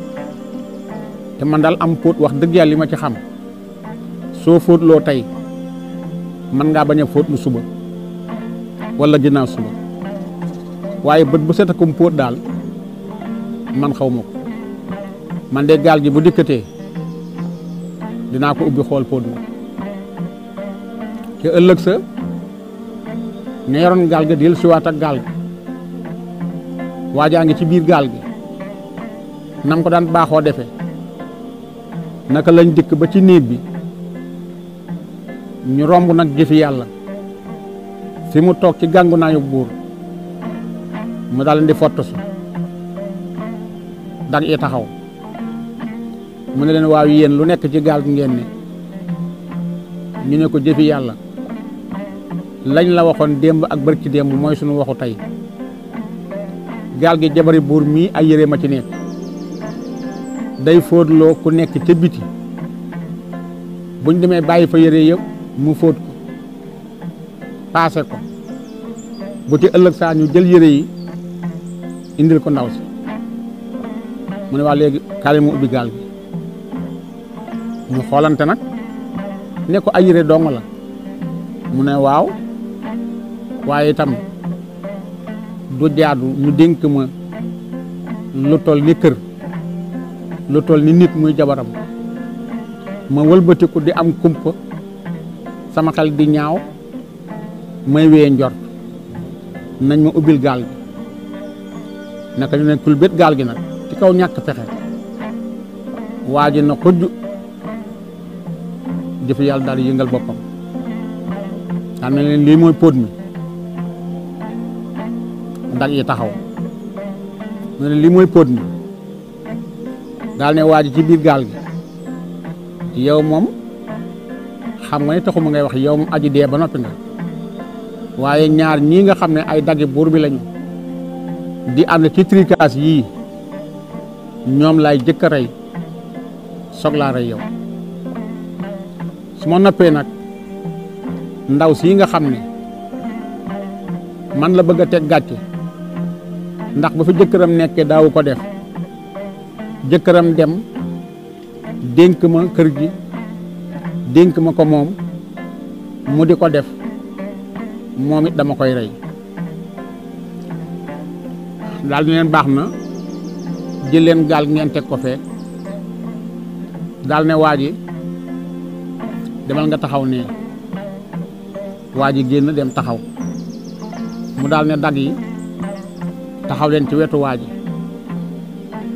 te man daal am póot wax dëgg yàlla ma ci xam soo fóotloo tey mën ngaa bañ a fóot lu suba wala ginnaaw suba waaye bët bu set póot daal man xaw ma man de gaal gi bu dikkatee dinaa ko ubbi xool póot ma te ëllëg sa ne yoroon gaal ga del siwaat ak gaal gi waajaa ngi ci biir gaal gi nam ko daan baaxoo defee naka lañ dikk ba ci néeg bi ñu romb nag jëfi yàlla fi mu toog ci gàngu naayu buur mu daal leen di dag yi taxaw mu ne leen waaw yéen lu nekk ci gaal ngeen ne ñu ne ko jëfi yàlla lañ la waxoon démb ak bërki démb mooy sunu waxu tey gaal gi jabari buur mii ay yére ma ci nekk day fóotloo ku nekk ca biti buñ demee bàyyi fa yére yëpp mu fóot paase ko bu ci ëllëg saa ñu jël yére yi indil ko ndaw si mu ne waa léegi kaale mu gaal gi ñu xoolante nag ne ko ay yére dong la mu ne waaw waaye itam du jaadu ñu dénk ma lu toll ni kër lu toll ni nit muy jabaram ma wëlbatiku di am kumpa sama xel di ñaaw may wéyee njort nañ ma ubbil gaal gi naka ñu ne kul bét gaal gi nag ci kaw ñàkk pexe waa ji na xujj jëfe yàlla daal yëngal boppam xam ne lii mooy póot mi dag yi taxaw mu ne lii mooy póot mi daal ne waa ji ci biir gaal gi yow moom xam nga ne taxuma ngay wax yow moom aji dee ba noppi nga waaye ñaar ñii nga xam ne ay daggi buur bi lañu di ànd ci trikaas yii ñoom laay jëkk rey soog yow su ma noppee nag ndaw sii nga xam ne man la bëgg a teg gàcce ndax ba fi jëkkëram nekkee daawu ko def jëkkëram dem dénk ma kër gi dénk ma ko moom mu di ko def moom it dama koy rey daal di leen baax na jël leen gaal ngeen teg ko fee daal ne waa ji demal nga taxaw ne waa ji génn dem taxaw mu daal ne dag yi taxaw leen ci wetu waa ji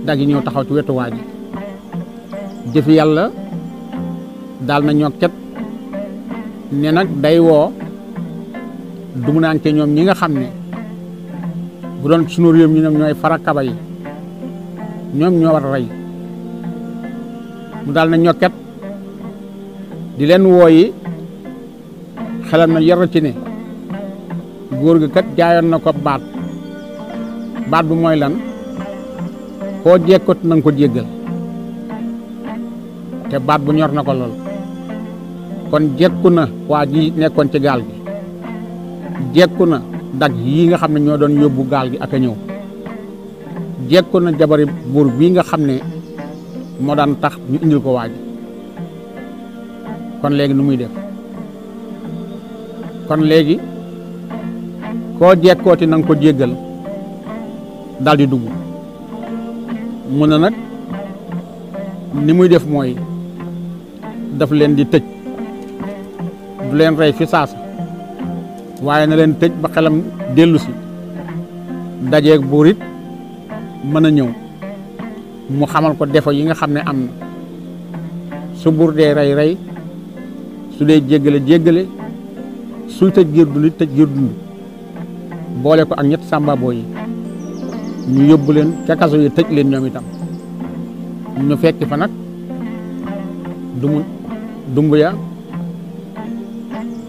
daggi ñëw taxaw ci wetu waa ji jëfi yàlla daal na ñoo ket ne nag day woo dugg naan ci ñoom ñi nga xam ne bu doon sunu réew ñi ñoom ñooy farakaba yi ñoom ñoo war a rey mu daal na ñokket di leen wooyi xelam na yor ci ne góor gi kat jaayoon na ko baat baat bu mooy lan koo jekkut na ko jéggal te baat bu ñor na ko lool kon jekku na waa ji nekkoon ci gaal gi jekku na dag yii nga xam ne ñoo doon yóbbu gaal gi ak a ñëw jekku na jabari buur bii nga xam ne moo daan tax ñu indil ko waaj kon léegi nu muy def kon léegi koo jekkooti na ko jéggal daal di dugg mu ne nag ni muy def mooy daf leen di tëj du leen rey fi waaye na leen tëj ba xelam dellu si dajeeg buur it mën a ñëw mu xamal ko defo yi nga xam ne am na su buur dee rey rey su dee jéggale jéggale suy tëj giir dund tëj giir boole ko ak ñett sàmbaaboo yi ñu yóbbu leen ca yi tëj leen ñoom itam ñu fekki fa nag dumb ya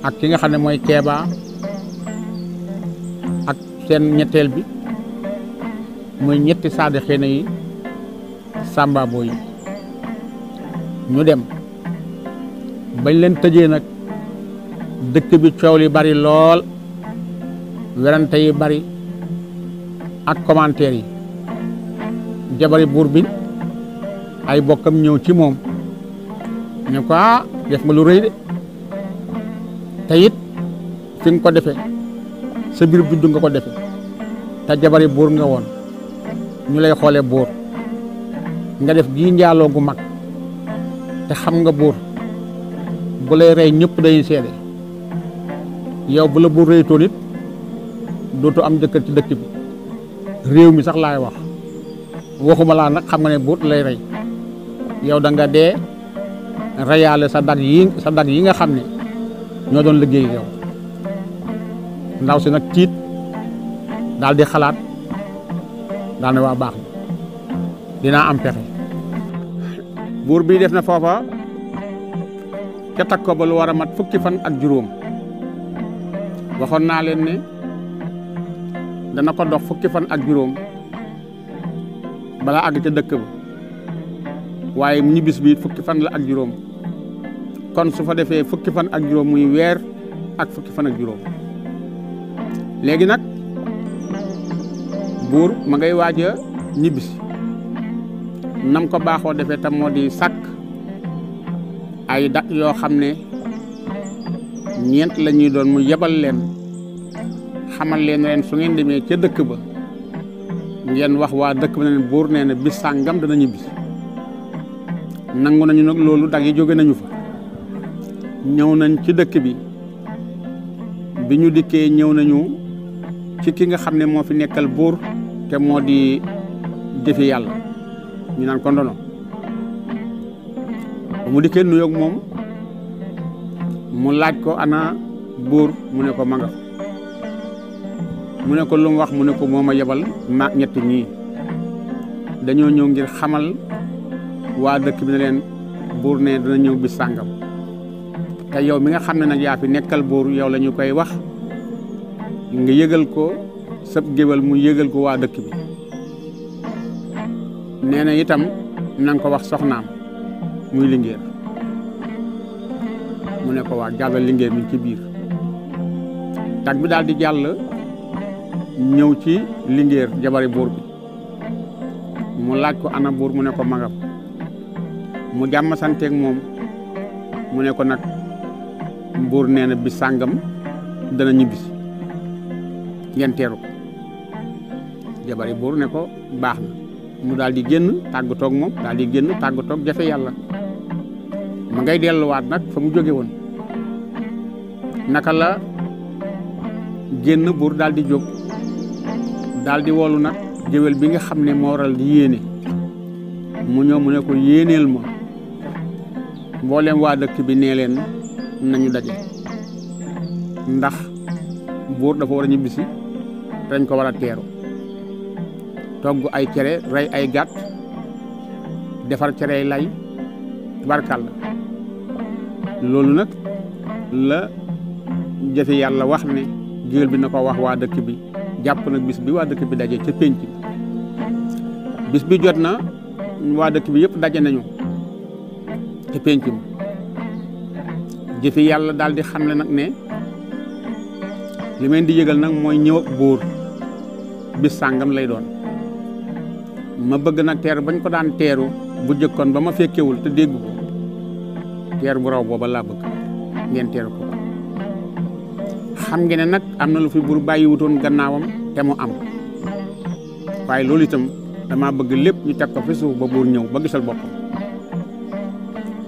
ak ki nga xam ne mooy keebaa seen ñetteel bi muy ñetti saadixina yi sàmbaaboo yi ñu dem bañ leen tëjee nag dëkk bi coow li bari lool werante yi bari ak commentaire yi jabari buur bi ay bokkam ñëw ci moom ñu ko ah def nga lu rëy de te it fi nga ko defe sa biir juddu nga ko defee te jabari buur nga woon ñu lay xoolee buur nga def gii njaaloo gu mag te xam nga buur bu lay rey ñëpp dañuy seede yow bu la buur reytoon it dootu am jëkkër ci dëkk bi réew mi sax laay wax waxuma laa nag xam nga ne buur lay rey yow danga nga dee reyaale sa dag yi sa dag yi nga xam ne ñoo doon liggéey yow ndaw si nag tiit daal di xalaat daal ne waa baax na dinaa am pexe buur bi def na foofa ca takk ko war a mat fukki fan ak juróom waxoon naa leen ne dana ko dox fukki fan ak juróom bala àgg ca dëkk ba waaye mu ñu bis fukki fan la ak juróom kon su fa defee fukki fan ak juróom muy weer ak fukki fan ak juróom léegi nag buur ma ngay waaj ñibbisi nam ko baaxoo defee tam moo di sàkk ay dat yoo xam ne ñeent la ñuy doon mu yebal leen xamal leen leen su ngeen demee ca dëkk ba ngeen wax waa dëkk ba ne buur nee na bis sàngam dana ñibbisi nangu nañu nag loolu dag jóge nañu fa ñëw nañ ci dëkk bi bi ñu dikkee ñëw nañu ci ki nga xam ne moo fi nekkal buur te moo di jëfe yàlla ñu naan ko ndono mu dikkee nuyoog moom mu laaj ko ana buur mu ne ko ma mu ne ko lu wax mu ne ko moom ma yebal maag ñett ñii dañoo ñëw ngir xamal waa dëkk bi ne leen buur ne dana ñëw bi sàngam te yow mi nga xam ne nag yaa nekkal buur yow la koy wax nga yëgal ko sab géwal mu yëgal ko waa dëkk bi nee na itam na ko wax soxnaam muy lingéer mu ne ko waa jàllal lingéer mi ci biir tag bi daal di jàll ñëw ci lingéer jabari buur bi mu laaj ko ana buur mu ne ko magam mu jàmm santeeg moom mu ne ko nag buur neena na bi sàngam dana ñibbisi ngeen jabari buur ne ko baax na mu daal di génn tàggatoog moom daal di génn tàggatoog jafe yàlla ma ngay delluwaat nag fa mu jóge woon naka la génn buur daal di jóg daal di wolu nag géwél bi nga xam ne moo di yéene mu ñëw mu ne ko yéeneel ma mboolem waa dëkk bi nee leen nañu daje ndax buur dafa war a ñibbisi dañ ko war a teeru togg ay cere rey ay gàtt defar cere lay tubarkàll loolu nag la jafe yàlla wax ne géwél bi na ko wax waa dëkk bi jàpp nag bis bi waa dëkk bi daje ca pénc bis bi jot na waa dëkk bi yëpp daje nañu ca pénc mi jëfe yàlla daal di xam ne nag ne li may di yëgal nag mooy ñëw ak buur bis sàngam lay doon ma bëgg na teer bañ ko daan teeru bu jëkkoon ba ma fekkewul te dégg ko teer bu raw booba laa bëgg ngeen teeru ko xam ngeen ne nag am na lu fi bur bàyyiwutoon gannaawam te mu am waaye loolu itam damaa bëgg lépp ñu teg ko fi suuf ba buur ñëw ba gisal boppam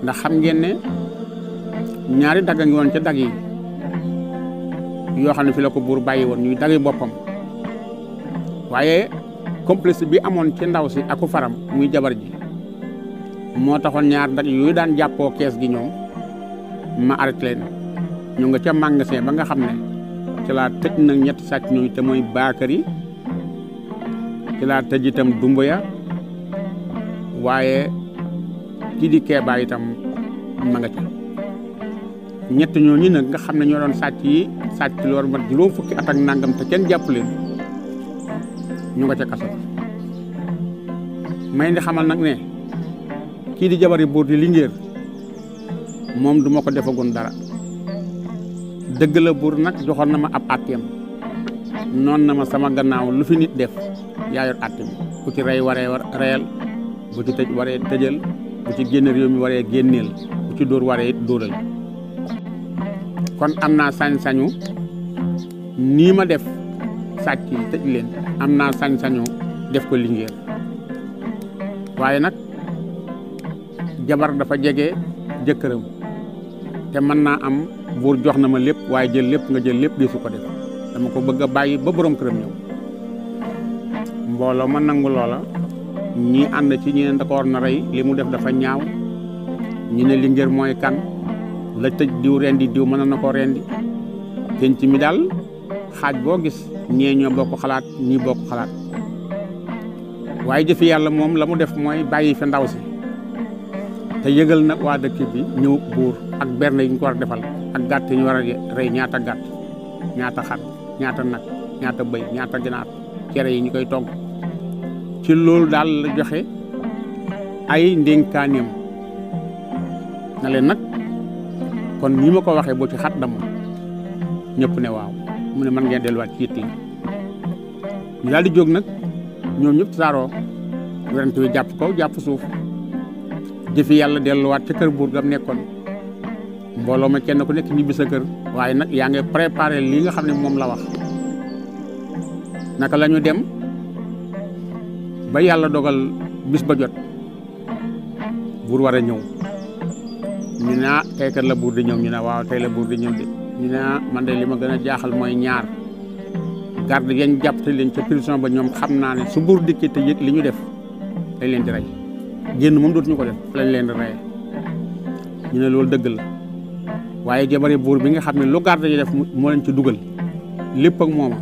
ndax xam ngeen ne ñaari dagg ngi woon ca dagg yi yoo xam ne fi ko buur bàyyi woon ñuy daggi boppam waaye complice bi amoon ci ndaw si aku faram muy jabar ji moo taxoon ñaar nag yooyu daan jàppoo kees gi ñoom ma arrêté leen ñu nga ca magasin ba nga xam ne ci laa tëj nag ñetti sàcc ñooñu te mooy Bakary ci laa tëj itam Dumbuya waaye kii di Kéba itam ma nga ca ñett ñooñu nag nga xam ne ñoo doon sàcc yi sàcc loolu ma juróom fukki at ak nangam te kenn jàpp leen ñu nga ca kaso may ndi xamal nag ne kii di jabari buur di lingéer moom du ma ko defagun dara dëgg la buur nag joxoon na ma ab àtteem noon na ma sama gannaaw lu fi nit def yaa yor àtteem bu ci rey waree reyal bu ci tëj waree tëjal bu ci génn réew mi waree génneel bu ci dóor waree it dóoral kon am naa sañ-sañu nii ma def sàcc yi tëj leen am naa sañ def ko Linguère waaye nag jabar dafa jege jëkkëram te mën naa am buur jox na ma lépp waaye jël lépp nga jël lépp gisu ko def dama ko bëgg a bàyyi ba borom këram mbooloo man nangu loola ñii ànd ci ñeneen da ko na rey li mu def dafa ñaaw ñu ne Linguère mooy kan la tëj diw rendi diw mën na ko rendi penc mi daal xaaj boo gis ñee ñoo bokk xalaat ñii bokk xalaat waaye jëfi yàlla moom la mu def mooy bàyyi fi ndaw si te yëgal na waa dëkk bi ñëw buur ak berne yi ñu ko war a defal ak gàtt yi ñu war a rey ñaata gàtt ñaata xar ñaata nag ñaata bëy ñaata ginaar cere yi ñu koy togg ci loolu daal la joxe ay ndénkaaneem na leen nag kon ni ma ko waxee boo ci xat dama ñëpp ne waaw mu ne mën ngeen delluwaat ci yitt yi ñu daal di jóg nag ñoom ñëpp tasaaroo werante wi jàpp kaw jàpp suuf jëfi yàlla delluwaat ca kër buur gam nekkoon mbooloo ma kenn ko nekk ñibbi sa kër waaye nag yaa ngi préparé lii nga xam ne moom la wax naka la dem ba yàlla dogal bis ba jot buur war a ñëw ñu naa ah, tey la buur di ñëw ñu ne waaw tey la buur di ñëw de ñu naa man de li ma gën a jaaxal mooy ñaar garde yañ jàpp leen ca prison ba ñoom xam naa ne su buur dikkee te yëg li ñu def dañ leen di rey génn moom dootuñu ko def lañ leen di reyee ñu ne loolu dëgg la waaye jabari buur bi nga xam ne lu garde yi def moo leen ci dugal lépp ak mooma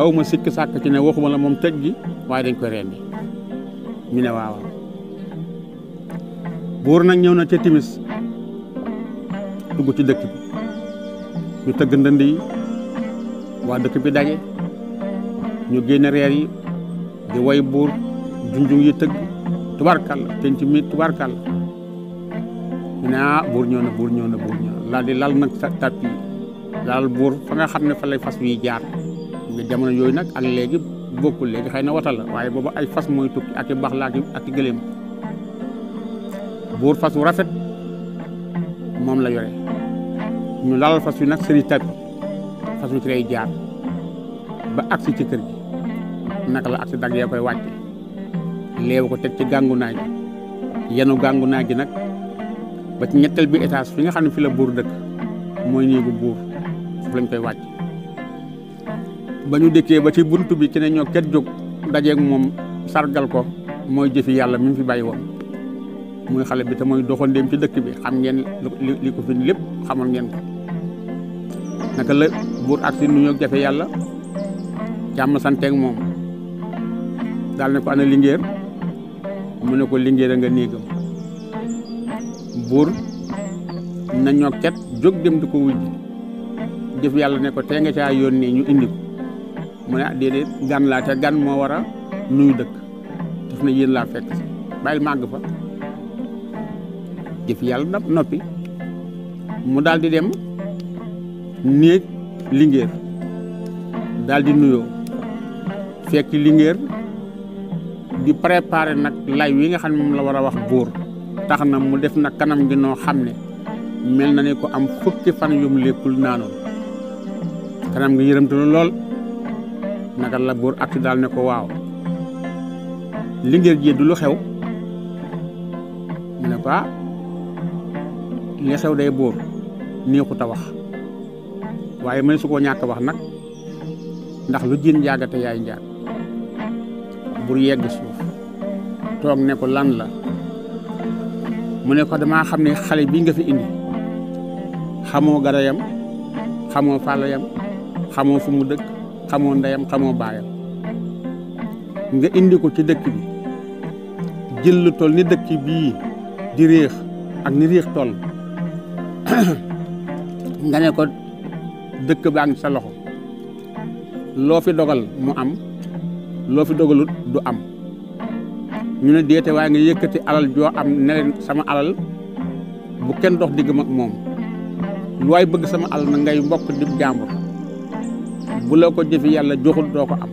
aw ma sikk sàkk ci ne waxuma la moom tëj gi waaye dañ koy rendi ñu ne waaw buur nag ñëw na ca timis dugg ci dëkk bi ñu tëgg ndënd waa dëkk bi daje ñu génne reer yi di way buur junjung yi tëgg tubarkal penc mi tubarkal ñu ne ah buur ñëw na buur ñëw na buur ñëw na laal di lal nag tappi yi buur fa nga xam ne fa lay fas wi jaar nga jamono yooyu nag ak léegi bokkul léegi xëy na wata la waaye boobu ay fas mooy tukki ak i baax la ak i gëléem buur fas wu rafet moom la yore ñu lalal fas wi nag sëriñ tab fas wi ci lay jaar ba agsi ci kër naka la agsi dag yaa koy wàcce léew ko teg ci gàngu naaj yenu gàngu naaj gi nag ba ci ñetteel bi étage fi nga xam ne fi la buur dëkk mooy néegu buur foofu lañ koy wàcc ba ñu dëkkee ba ci bunt bi ci ne ñoo ket jog dajeeg moom sargal ko mooy jëfi yàlla mi mu fi bàyyi woon muy xale bi te mooy doxandéem ci dëkk bi xam ngeen li ko fi lépp xamoon ngeen ko naka la buur ak si nu ñoo jafe yàlla jàmm santeeg moom daal ne ko ana lingéer mu ne ko lingéer nga néegam buur na ñoo ket jóg dem di ko wujj jëf yàlla ne ko tee nga caa yónnee ñu indi ko mu ne ah déedéet gan laa te gan moo war a nuyu dëkk def na yéen laa fekk bàyyil màgg fa jëf yàlla noppi mu dal di dem néeg lingéer daal di nuyoo fekk lingéer di préparer nag lay wi nga xam ne moom la war a wax buur tax na mu def nag kanam gi noo xam ne mel na ne ko am fukki fan yu mu lékkul naanoon kanam gi yërëmtu na lool naka la buur ak daal ne ko waaw lingéer ji du lu xew mu ne ko ah, li xew day buur neexut a wax waaye mën su koo ñàkk wax nag ndax lu jin yàggate yaay njaag bur yegg suuf toog ne lan la mu ne ko damaa xam ne xale bii nga fi indi xamoo garayam xamoo fàllayam xamoo fu mu dëkk xamoo ndeyam xamoo baayam nga indi ko ci dëkk bi jël ni dëkk bii di réex ak ni réex toll nga ne ko dëkk baa ngi sa loxo loo fi dogal mu am loo fi dogalut du am ñu ne déete waaye nga yëkkati alal joo am ne sama alal bu kenn dox digg mag moom lu waay bëgg sama alal na ngay mbokk dib jàmbur bu la ko jëfi yàlla joxul doo ko am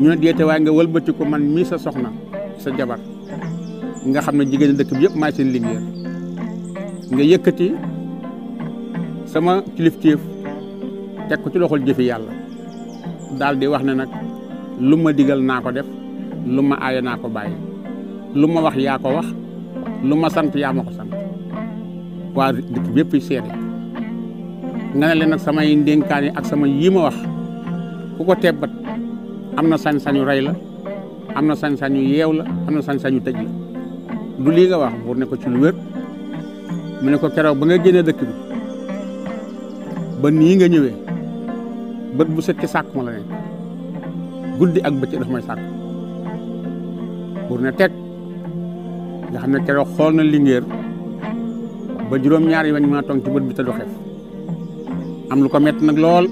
ñu ne déete waaye nga wëlbati man mii sa soxna sa jabar nga xam ne jigéen dëkk bi yëpp maay seen liggéey nga yëkkati sama kilifteef teg ko ci loxol jëfi yàlla daal di wax ne nag lu ma digal naa ko def lu ma aaye naa ko bàyyi lu ma wax yaa ko wax lu ma sant yaa ma ko sant waa dëkk bépp seede nga ne leen nag samay ndénkaan yi ak sama yii ma wax ku ko tebbat am na sañ-sañu rey la am na sañ-sañu yeew la am na sañ-sañu tëj la du lii nga wax bu ne ko ci lu wér mu ne ko keroog ba nga génnee dëkk bi ba nii nga ñëwee bët bu set ci sàkk ma guddi ak bëccëg dafa may sàkk pour ne teg nga xam ne keroog xool na lingéer ba juróom-ñaar yi wañ mën a toog ci bët bi te du xef am lu ko mett nag lool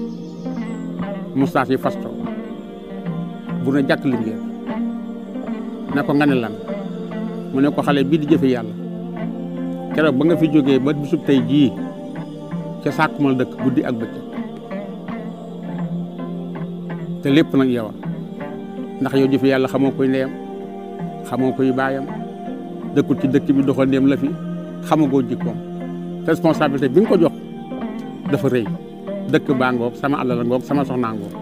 mustaaf yi fasto bu ne jàkk lingéer ne ko nga ne lan mu ne ko xale bii di jëfe yàlla keroog ba nga fi jógee ba bisub tey jii ca sàkkumal dëkk guddi ak bëccëg te lépp nañ yow ndax yow jëfi yàlla xamoo koy ndeyam xamoo koy baayam dëkkul ci dëkk bi doxal ndéem la fi xamagoo jikkoom responsabilité bi nga ko jox dafa rëy dëkk baa ngoog sama alal ngoog sama soxnaa ngoog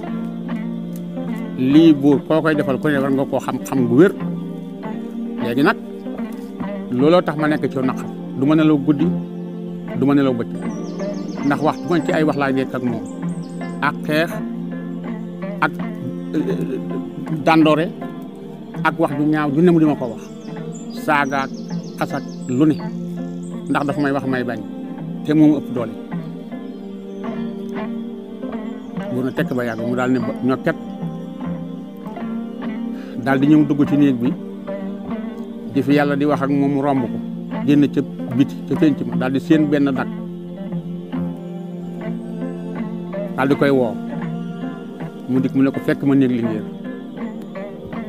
lii buur koo koy defal ku ne war nga koo xam-xam gu wér léegi nag looloo tax ma nekk ci naqar du ma nelaw guddi du ma nelaw bëcc ndax wax bu ci ay wax laay nekk ak moom ak xeex ak euh, dandoore ak wax ju ñaaw ju ne mu di ma ko wax saagaak xasak lu ne ndax dafa may wax may bañ te moom ëpp doole bu na tekk ba yàgg mu daal ne ñokket daal di ñëw dugg ci néeg bi di fi yàlla di wax ak moom mu romb ko génn cëpp biti ca penc ma daal di seen benn dag daal di koy woo mu dikk mu ne ko fekk ma néeg lingeer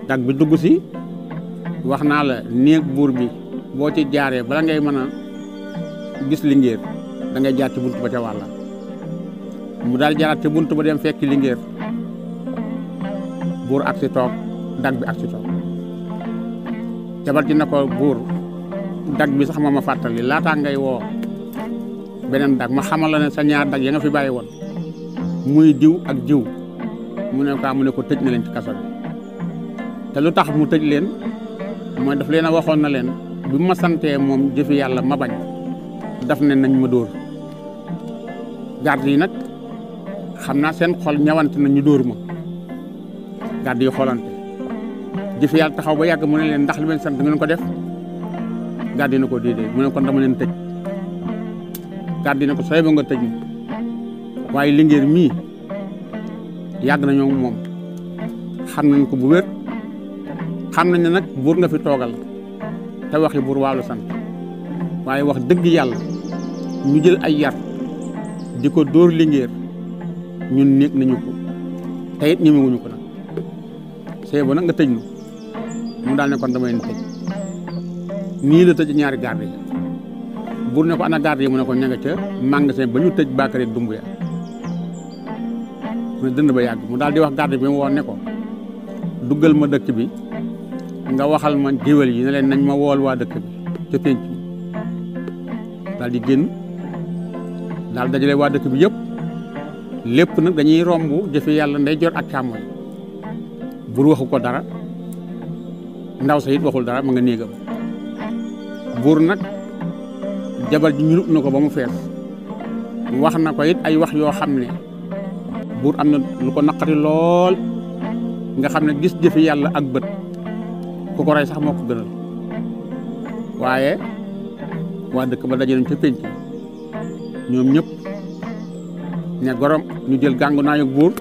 dag bi dugg si wax naa la néeg buur bi boo ci jaaree bala ngay mën a gis lingeer dangay ngay jaar ci bunt ba ca wàlla mu daal jaar ca bunt ba dem fekk lingéer buur ak si toog dag bi ak si toog jabar ji na buur dag bi sax ma ma fàttali laataa ngay woo beneen dag ma xamal la ne sa ñaar dag ya nga fi bàyyi woon muy diw ak jiw mu ne kaa ah, mu ne ko tëj na leen ci kaso te lu tax mu tëj leen mooy daf leen a waxoon na leen bi ma santee moom jëfi yàlla ma bañ daf ne nañ ma dóor garde yi nag xam naa seen xol ñawante nañ ñu dóor ma garde yi xoolante jëfi yàlla taxaw ba yàgg mu ne leen ndax li leen sant ngeen ko def gàddi na ko déedéet mu ne kon dama leen tëj gàddi na ko sooy ba nga tëj ñu waaye lingeer mii yàgg na ñoom moom xam nañ ko bu wér xam nañ ne nag buur nga fi toogal te waxi buur waalu sant waaye wax dëgg yàlla ñu jël ay yar di ko dóor lingeer ñun néeg nañu ko te it ñemewuñu ko nag sooy ba nag nga tëj ñu mu daal ne kon dama leen tëj nii la tëj ñaari garde yi buur ne ko ana garde yi mu ne ko ña ca magasin ba ñu tëj Bakary Dumbuya mu ne dënd ba yàgg mu daal di wax garde bi mu woon ne ko duggal ma dëkk bi nga waxal ma géwél yi ne leen nañ ma wool waa dëkk bi ca penc bi daal di génn daal dajale waa dëkk bi yëpp lépp nag dañuy romb jëfe yàlla nday jor ak càmmoñ bur waxu ko dara ndaw sa it waxul dara ma nga néegam buur nag jabar ji ñurub na ko ba mu fees wax na ko it ay wax yoo xam ne buur am na lu ko naqari lool nga xam ne gis jëfi yàlla ak bët ku ko rey sax moo ko gënal waaye waa dëkk ba daje nañ ca pénc ñoom ñëpp ne gorom ñu jël gàngu naa yog buur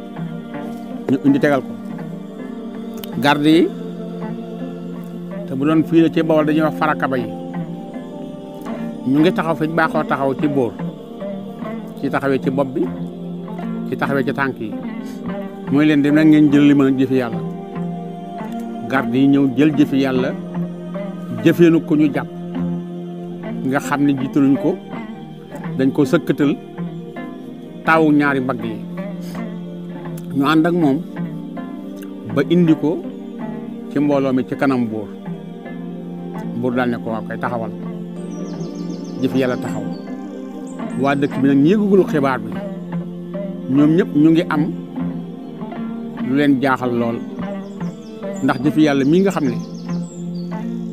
ñu indi tegal ko garde yi te bu doon fii la ci bawal dañuy wax farakaba yi ñu ngi taxaw fi ñu baaxoo taxaw ci bóor ci taxawee ci bopp bi ci taxawee ci tànk yi mooy leen dem nag ngeen jël li mën a jëfi yàlla garde yi ñëw jël jëfi yàlla jëfeenu ko ñu jàpp nga xam ne jiitaluñ ko dañ ko sëkkatal taw ñaari mbagg yi ñu ànd moom ba indi ko ci mbooloo mi ci kanam buur buur daal ne ko waa koy taxawal jëf yàlla taxaw waa dëkk bi nag ñi xibaar bi ñoom ñëpp ñu ngi am lu leen jaaxal lool ndax jëf yàlla mii nga xam ni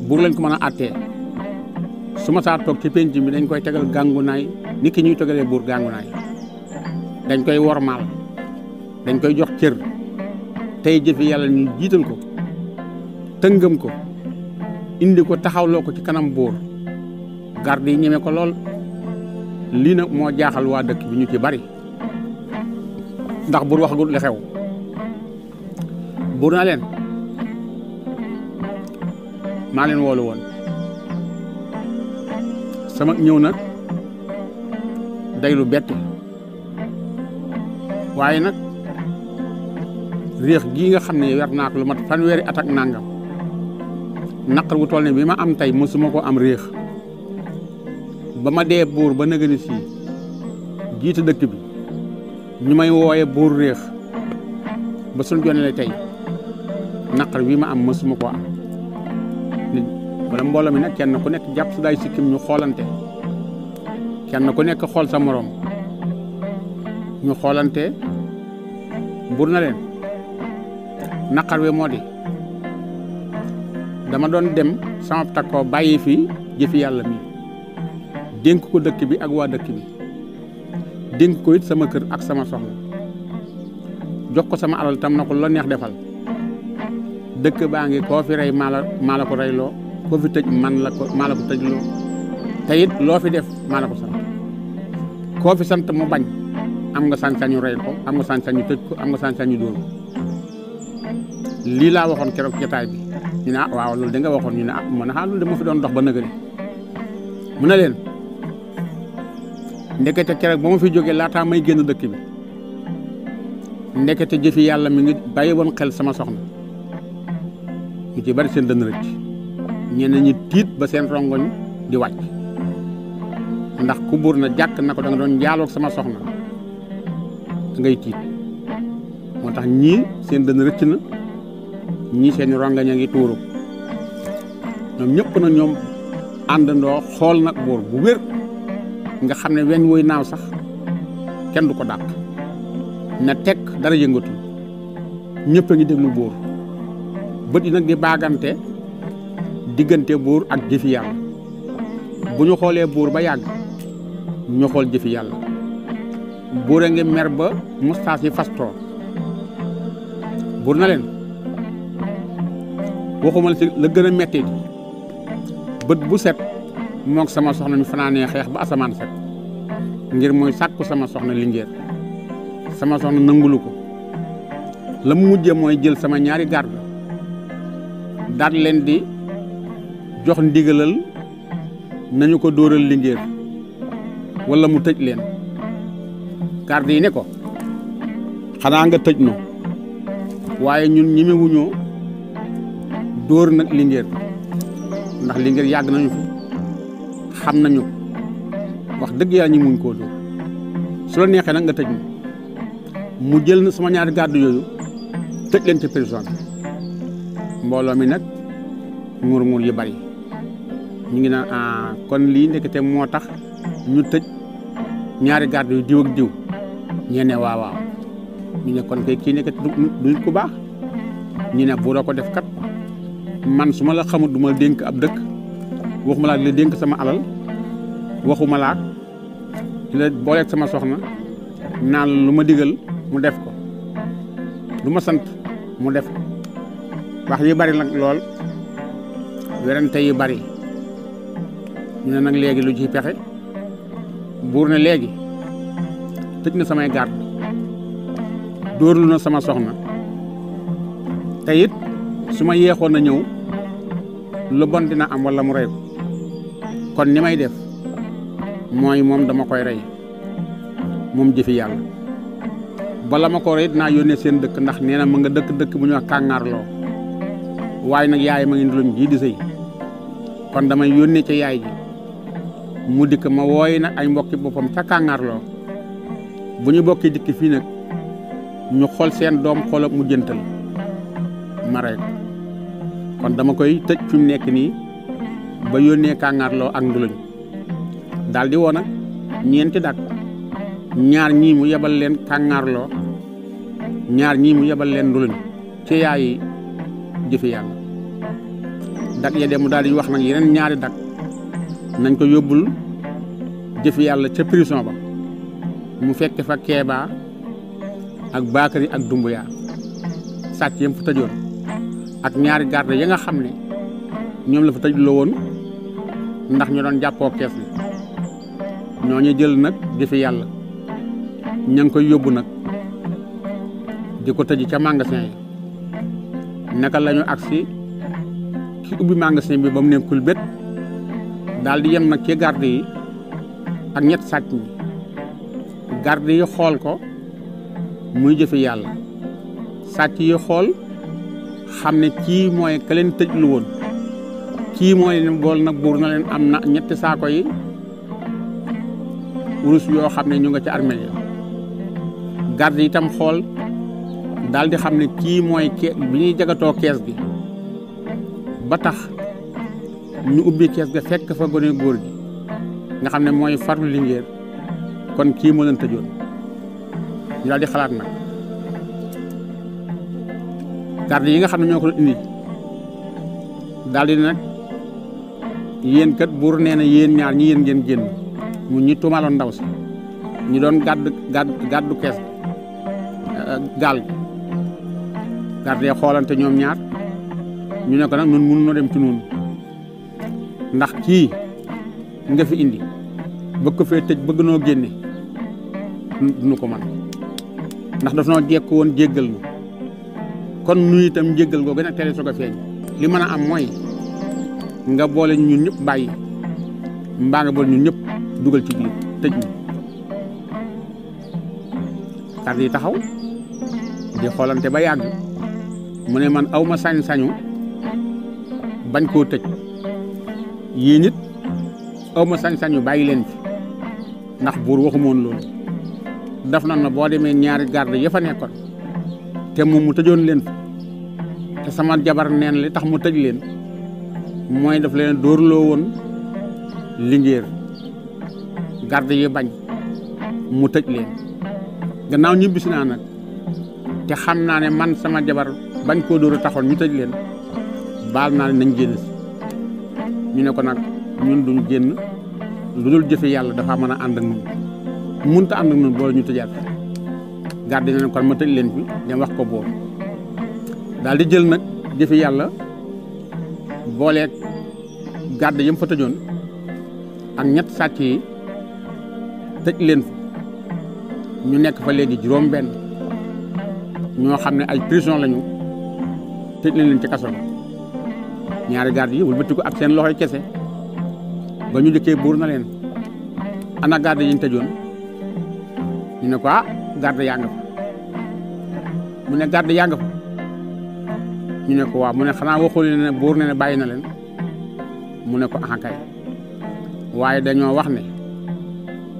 buur leen ko mën a atte su ma saa toog ci penc bi dañ koy tegal gàngunaay ni ki ñuy tegalee buur gàngunaay dañ koy wormaal dañ koy jox cër tey jëf yàlla ñu jiital ko tëngam ko indi ko taxawloo ko ci kanam buur garde yi ñeme ko lool lii nag moo jaaxal waa dëkk bi ñu ci bari ndax bur waxagul li xew buur naa leen maa leen woolu woon sama ñëw nag day lu bett waaye nag réex gii nga xam ne wer naa lu mat fanweeri at ak nangam naqar wu toll ne bi ma am tey mësuma ko am réex ba ma dee buur ba nëgëni fii jiite dëkk bi ñu may wooye buur réex ba suñ jone la tey naqar wi ma am mësuma ko am nit wala mbooloo mi nag kenn ku nekk jàpp su daay sikkim ñu xoolante kenn ku nekk xool sa moroom ñu xoolante buur na leen naqar wi moo di dama doon dem sama takkoo bàyyi fii jëfi yàlla mi dénk ko dëkk bi ak waa dëkk bi dénk ko it sama kër ak sama soxna jox ko sama alal tam na ko la neex defal dëkk baa ngi koo fi rey maa la maa la ko reyloo koo fi tëj man la ko maa la ko tëjloo te it loo fi def maa la ko sant koo fi sant mu bañ am nga sañ-sañu rey ko am nga sañ-sañu tëj ko am nga sañ-sañu dóor lii laa waxoon keroog jotaay bi ñu ne ah waaw loolu da nga waxoon ñu ne ah man ah loolu de moo fi doon dox ba nëgëri mu ne leen ndekete keroog ba mu fi jógee laataa may génn dëkk bi ndekete jëfi yàlla mi ngi bay woon xel sama soxna ñu ci bari seen dënn rëcc ñenn ñi tiit ba seen rongoñ di wàcc ndax ku buur na jàkk na ko danga doon jaaloog sama soxna ngay tiit moo tax ñii seen dënn rëcc na ñii seen rongoñ a ngi tuuru ñoom ñëpp na ñoom àndandoo xool na buur bu wér nga xam ne wenn woy naaw sax kenn du ko dàq na teg dara yëngatu ñëpp a ngi déglu buur bët yi nag di baagante diggante buur ak jëfi yàlla bu ñu xoolee buur ba yàgg ñu xool jëfi yàlla buur a ngi mer ba mustaas yi fastoo buur na leen waxuma si la gën a metti bët bu set moog sama soxna mi fanaanee xeex ba asamaan set ngir mooy sàkku sama soxna lingéer sama soxna nangulu ko la mu mujjee mooy jël sama ñaari garde daat leen di jox ndigalal nañu ko dóoral lingéer walla mu tëj leen garde yi ne ko xanaa nga tëj no waaye ñun ñemewuñoo dóor nag lingéer ndax lingéer yàgg nañu xam nañu wax dëgg yaa ñu muñ koo dóor su la neexee nag nga tëj mu jël na sama ñaari garde yooyu tëj leen ci prison mbooloo mi nag murmur yu bari ñu ngi naan ah, kon lii ndekete moo tax ñu tëj ñaari garde yu diw ak diw ñee ne waaw waaw ñu ne kon kay kii nekk du ku baax ñu ne bu doo ko def kat man su ma la xamut duma ma dénk ab dëkk waxuma laa di la dénk sama alal waxu malaak di la sama soxna naan lu ma digal mu def ko lu ma sant mu def wax yi bari nag lool werante yi bari ne nag léegi lu ci pexe buur ne léegi tëj na samay garde dóorlu na sama soxna te it su ma yeexoon a ñëw lu bon dina am walla mu rey ko kon ni may def mooy moom dama koy rey moom jëfi yàlla bala ma ko rey dinaa yónnee seen dëkk ndax neena na ma nga dëkk dëkk bu ñu wax kàngaarloo waaye nag yaay ma ngi ndulum ji di sëy kon damay yónnee ca yaay ji mu dikk ma wooyi nag ay mbokki boppam ca kàngaarloo bu ñu bokki dikk fii nag ñu xool seen doom xoolab mu jëntal ma kon dama koy tëj fi mu nekk nii ba yónnee kàngaarloo ak nduluñ daal di woo nag ñeenti dag ñaar ñii mu yebal leen kàngaarloo ñaar ñii mu yebal leen nduluñ ci yaayi jëfi yàlla dag mu daal di wax nag yeneen ñaari dag nañ ko yóbbul jëfi yàlla ca prison ba mu fekk fa keebaa ak baakari ak dumbuyaa sàcc yam fa tëjoon ak ñaari garde ya nga xam ne ñoom la fa tëj ndax ñu doon jàppoo kees bi ñoo ñu jël nag di yàlla ña ngi koy yóbbu nag di ko tëj ca magasin yi naka la ñu agsi ki ubbi magasin bi ba mu nekkul bët daal di yem nag ci garde yi ak ñett sàcc ñi garde yi xool ko muy jëfe yàlla sàcc yi xool xam ne kii mooy ka leen tëj lu woon kii mooy bool nag buur na leen am na ñetti saako yi urus yoo xam ne ñu nga ci armeel yi garde itam xool daldi xam ne kii mooy kees bi ñuy jagatoo kees gi ba tax ñu ubbi kees ga fekk fa gone góor gi nga xam ne mooy farlu lingéer kon kii moo leen tëjoon ñu daal di xalaat nag garde yi nga xam ne ñoo ko indi daal di nag yéen kat buur nee na yéen ñaar ñi yéen ngeen génn mu ñi tuumaloon ndaw si ñu doon gàdd gàdd gàddu kees euh, gaal gi gardee xoolante ñoom ñaar ñu ne ko nag ñun mënuñoo dem ci noonu ndax kii nga fi indi bëgg ko fee tëj bëgg noo génne duñu ko man ndax daf noo jekk woon jéggal ñu kon nu itam jéggal googu nag tere soog a li mën a am mooy nga boole ñu ñëpp bàyyi mbaa nga boole ñun ñëpp dugal ci biir taxaw di xoolante ba yàgg mu ne man aw ma sañ-sañu bañ koo tëj yéen it aw ma sañ-sañu bàyyi fi ndax buur waxumoon loolu daf na na boo demee ñaari garde ya fa nekkoon te moom mu tëjoon leen fa te sama jabar neen li tax mu tëj leen mooy daf leen dóorloo woon lingéer garde yi bañ mu tëj leen gannaaw ñibbisi naa nag te xam naa ne man sama jabar bañ koo dóor a taxoon ñu tëj leen baal naa ne nañ génn si ñu ne ko nag ñun duñ génn lu dul jëfe yàlla dafa mën a ànd ak ñun mënut a ànd ak ñun ñu tëjaat garde yi ne kon ma tëj leen fi dem wax ko boobu daal di jël nag jëfe yàlla booleeg garde yam fa tëjoon ak ñett sàcc yi tëj leen ñu nekk fa léegi juróom-benn ñoo xam ne ay prison lañu tëj leen leen ci kaso ñaari garde yi wëlbati ko ak seen loxoy kese ba ñu dikkee buur na leen ana garde yi ñu tëjoon ñu ne ko ah garde yaa nga fa mu ne garde yaa ñu nekko ko waaw mu ne xanaa waxul ne buur ne ne bàyyi na leen mu ne ko ah waaye dañoo wax ne.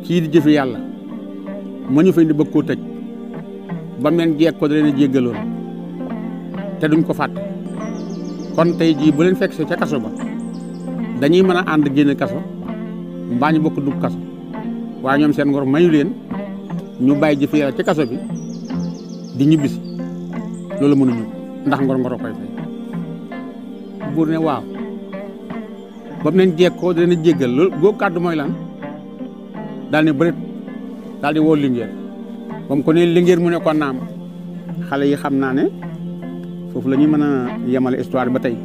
kii di jëfi yàlla ma ñu fay di bëgg koo tëj ba ko da leen a jéggaloon te duñ ko fàtte kon tey jii bu leen fekk ca kaso ba dañuy mën a ànd génn kaso mbaa ñu du dugg kaso waaye ñoom seen ngor mayu leen ñu bàyyi jëfi yàlla ci kaso bi di ñibbisi loolu mënuñu ndax ngor ngor a koy fay ne waaw ko da leen a jéggal loolu googu kàddu mooy lan daal ne bërit daal di woo Linguère moom ko ne Linguère mu ne ko naam xale yi xam naa ne foofu la ñuy mën a yemale histoire ba tey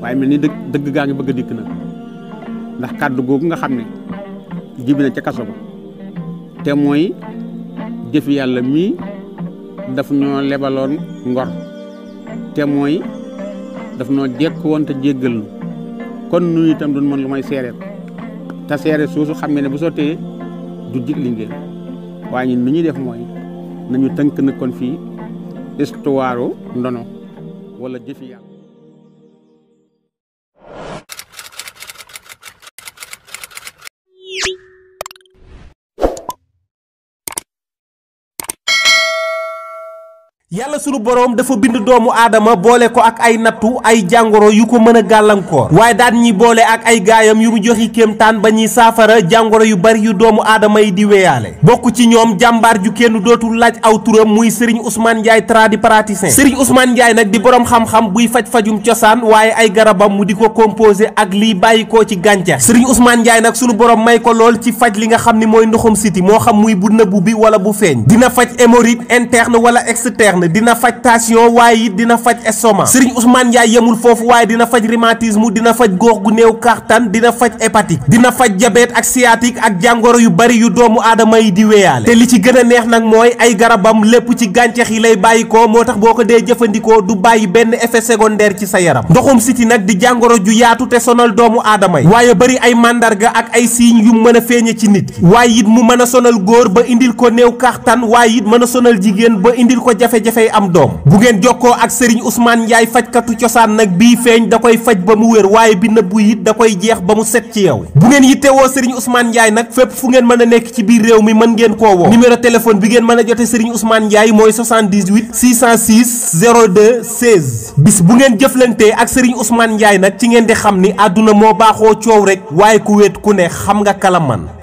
waaye mel ni dëgg dëgg gaa ngi bëgg a dikk na ndax kàddu googu nga xam ne jibi ca kaso ba te mooy jëf yàlla mii daf ñoo lebaloon ngor te mooy daf noo jekk woon te jéggal nu kon nu itam duñ lu may seereel te seere suusu xam ne bu sottee du jigli ngeen waaye ñun li ñuy def mooy nañu tënk na kon fii histoire ndono wala jëfi yàlla yàlla sunu boroom dafa bind doomu aadama boole ko ak ay nattu ay jàngoro yu ko mën a gàllankoor waaye daan ñi boole ak ay gaayam yu mu joxi kéemtaan ba ñuy saafara jàngoro yu bari yu doomu aadama yi di weyaale bokk ci ñoom jàmbaar ju kenn dootul laaj aw turam muy Serigne Ousmane Ndiaye tradipraticien Serigne Ousmane Ndiaye nag di boroom xam-xam buy faj fajum cosaan waaye ay garabam mu di ko composé ak liy bàyyi koo ci gàncax Serigne Ousmane Ndiaye nag sunu boroom may ko lool ci faj li nga xam ni mooy ndoxum siti moo xam muy bu nëbbu bi wala bu feeñ dina faj hémorroïde interne wala externe tàng dina faj tension waaye it dina faj estomac Serigne Ousmane Ndiaye yemul foofu waaye dina faj rhumatisme dina faj góox gu néew kàttan dina faj hépatique dina faj jabeet ak sciatique ak jàngoro yu bari yu doomu aadama yi di weeyaale te li ci gën a neex nag mooy ay garabam lépp ci gàncax yi lay bàyyi ko moo tax boo ko dee jëfandikoo du bàyyi benn effet secondaire ci sa yaram ndoxum siti nag di jàngoro ju yaatu te sonal doomu aadama yi waaye bari ay màndarga ak ay signes yu mën a feeñe ci nit waaye góor ba indil ko néew a sonal jafe am doom bu ngeen jokkoo ak Serigne Ousmane Ndiaye fajkatu cosaan nag bii feeñ da koy faj ba mu wér waaye bi nëbbu it da koy jeex ba mu set ci yow bu ngeen yittewoo Serigne Ousmane Ndiaye nag fépp fu ngeen mën a nekk ci biir réew mi mën ngeen koo woo numéro téléphone bi ngeen mën a jote Serigne Ousmane Ndiaye mooy 78 606 02 16 bis bu ngeen jëflantee ak Serigne Ousmane Ndiaye nag ci ngeen di xam ni àdduna moo baaxoo coow rek waaye ku wéet ku ne xam nga kalaman man